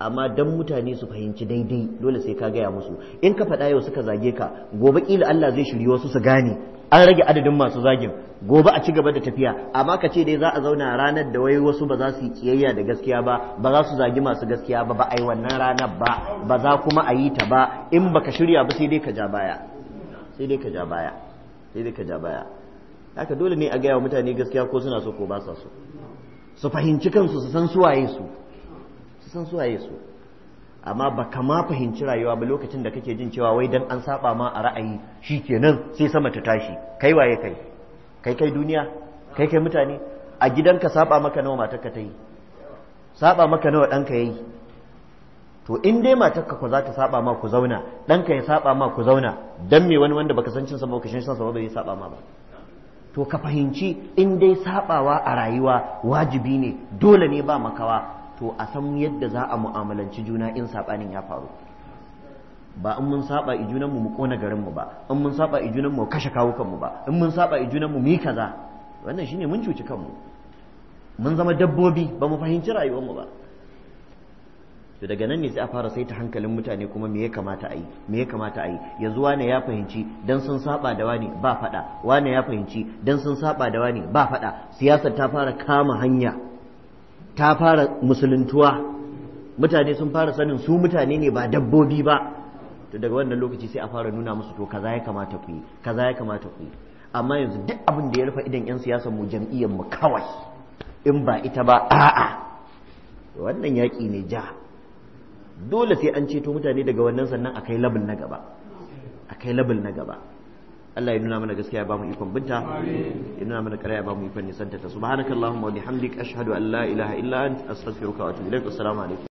amma dan mutane su fahimci daidai dole sai ka gaya musu in ka faɗa yau suka zage ka gobe kila Allah zai shirye wasu su gane an rage adadin masu zagin gobe a ci gaba da tafiya amma ka ce dai za a zauna ranar da wai wasu ba za su yi kiyayya da gaskiya ba ba za su zagi masu gaskiya ba ba a yi wannan ranar ba ba za kuma a yi ta ba in baka shirya ba sai dai ka ja baya sai dai ka ja baya sai dai ka ja baya haka dole ne a gaya wa mutane gaskiya ko suna so ko ba sa so su fahimci kansu su san suwaye su san suwaye su amma ba ka ma fahimci rayuwa ba lokacin da kake jin cewa wai dan an saba ma a ra'ayi shi kenan sai sama ta tashi kai waye kai kai kai duniya kai kai mutane a gidanka saba maka nawa matarka ta yi saba maka nawa ɗanka ya yi to in dai matarka ku za ta saba ma ku zauna ɗanka ya saba ma ku zauna dan me wani wanda baka san cin sama ka san sa ba bai saba ma ba to ka fahimci in dai sabawa a rayuwa wajibi ne dole ne ba makawa to a san yadda za a mu'amalanci juna in saɓanin ya faru ba in mun saba i junanmu mu kona garinmu ba in mun saba i junanmu kashe kawukanmu ba in mun saba i junanmu mu yi kaza wannan shine mun cuci kanmu mun zama dabbobi ba mu fahimci rayuwarmu ba to daga nan ne sai a fara saita hankalin mutane kuma me ya kamata a yi me ya kamata a yi yanzu wane ya fahimci dan sun saba da wani ba fada wane ya fahimci dan sun saba da wani ba fada siyasar ta fara kama hanya ta fara musuluntuwa mutane sun fara sanin su mutane ne ba dabbobi ba to daga wannan lokaci sai a fara nuna musu to kaza ya kamata ku yi kaza ya kamata ku yi amma yanzu duk abin da ya rufe idan yan siyasar mu jam'iyyar mu kawai in ba ita ba a'a wannan yaki ne ja dole sai an ceto mutane daga wannan sannan akai labul na gaba akai labul na gaba Allah ya nuna mana gaskiya ba mu ikon binta ya nuna mana ƙarya ba mu ikon nisanta ta subhanakallahumma wa bihamdik ashhadu an la ilaha illa anta astaghfiruka wa atubu ilaik assalamu alaikum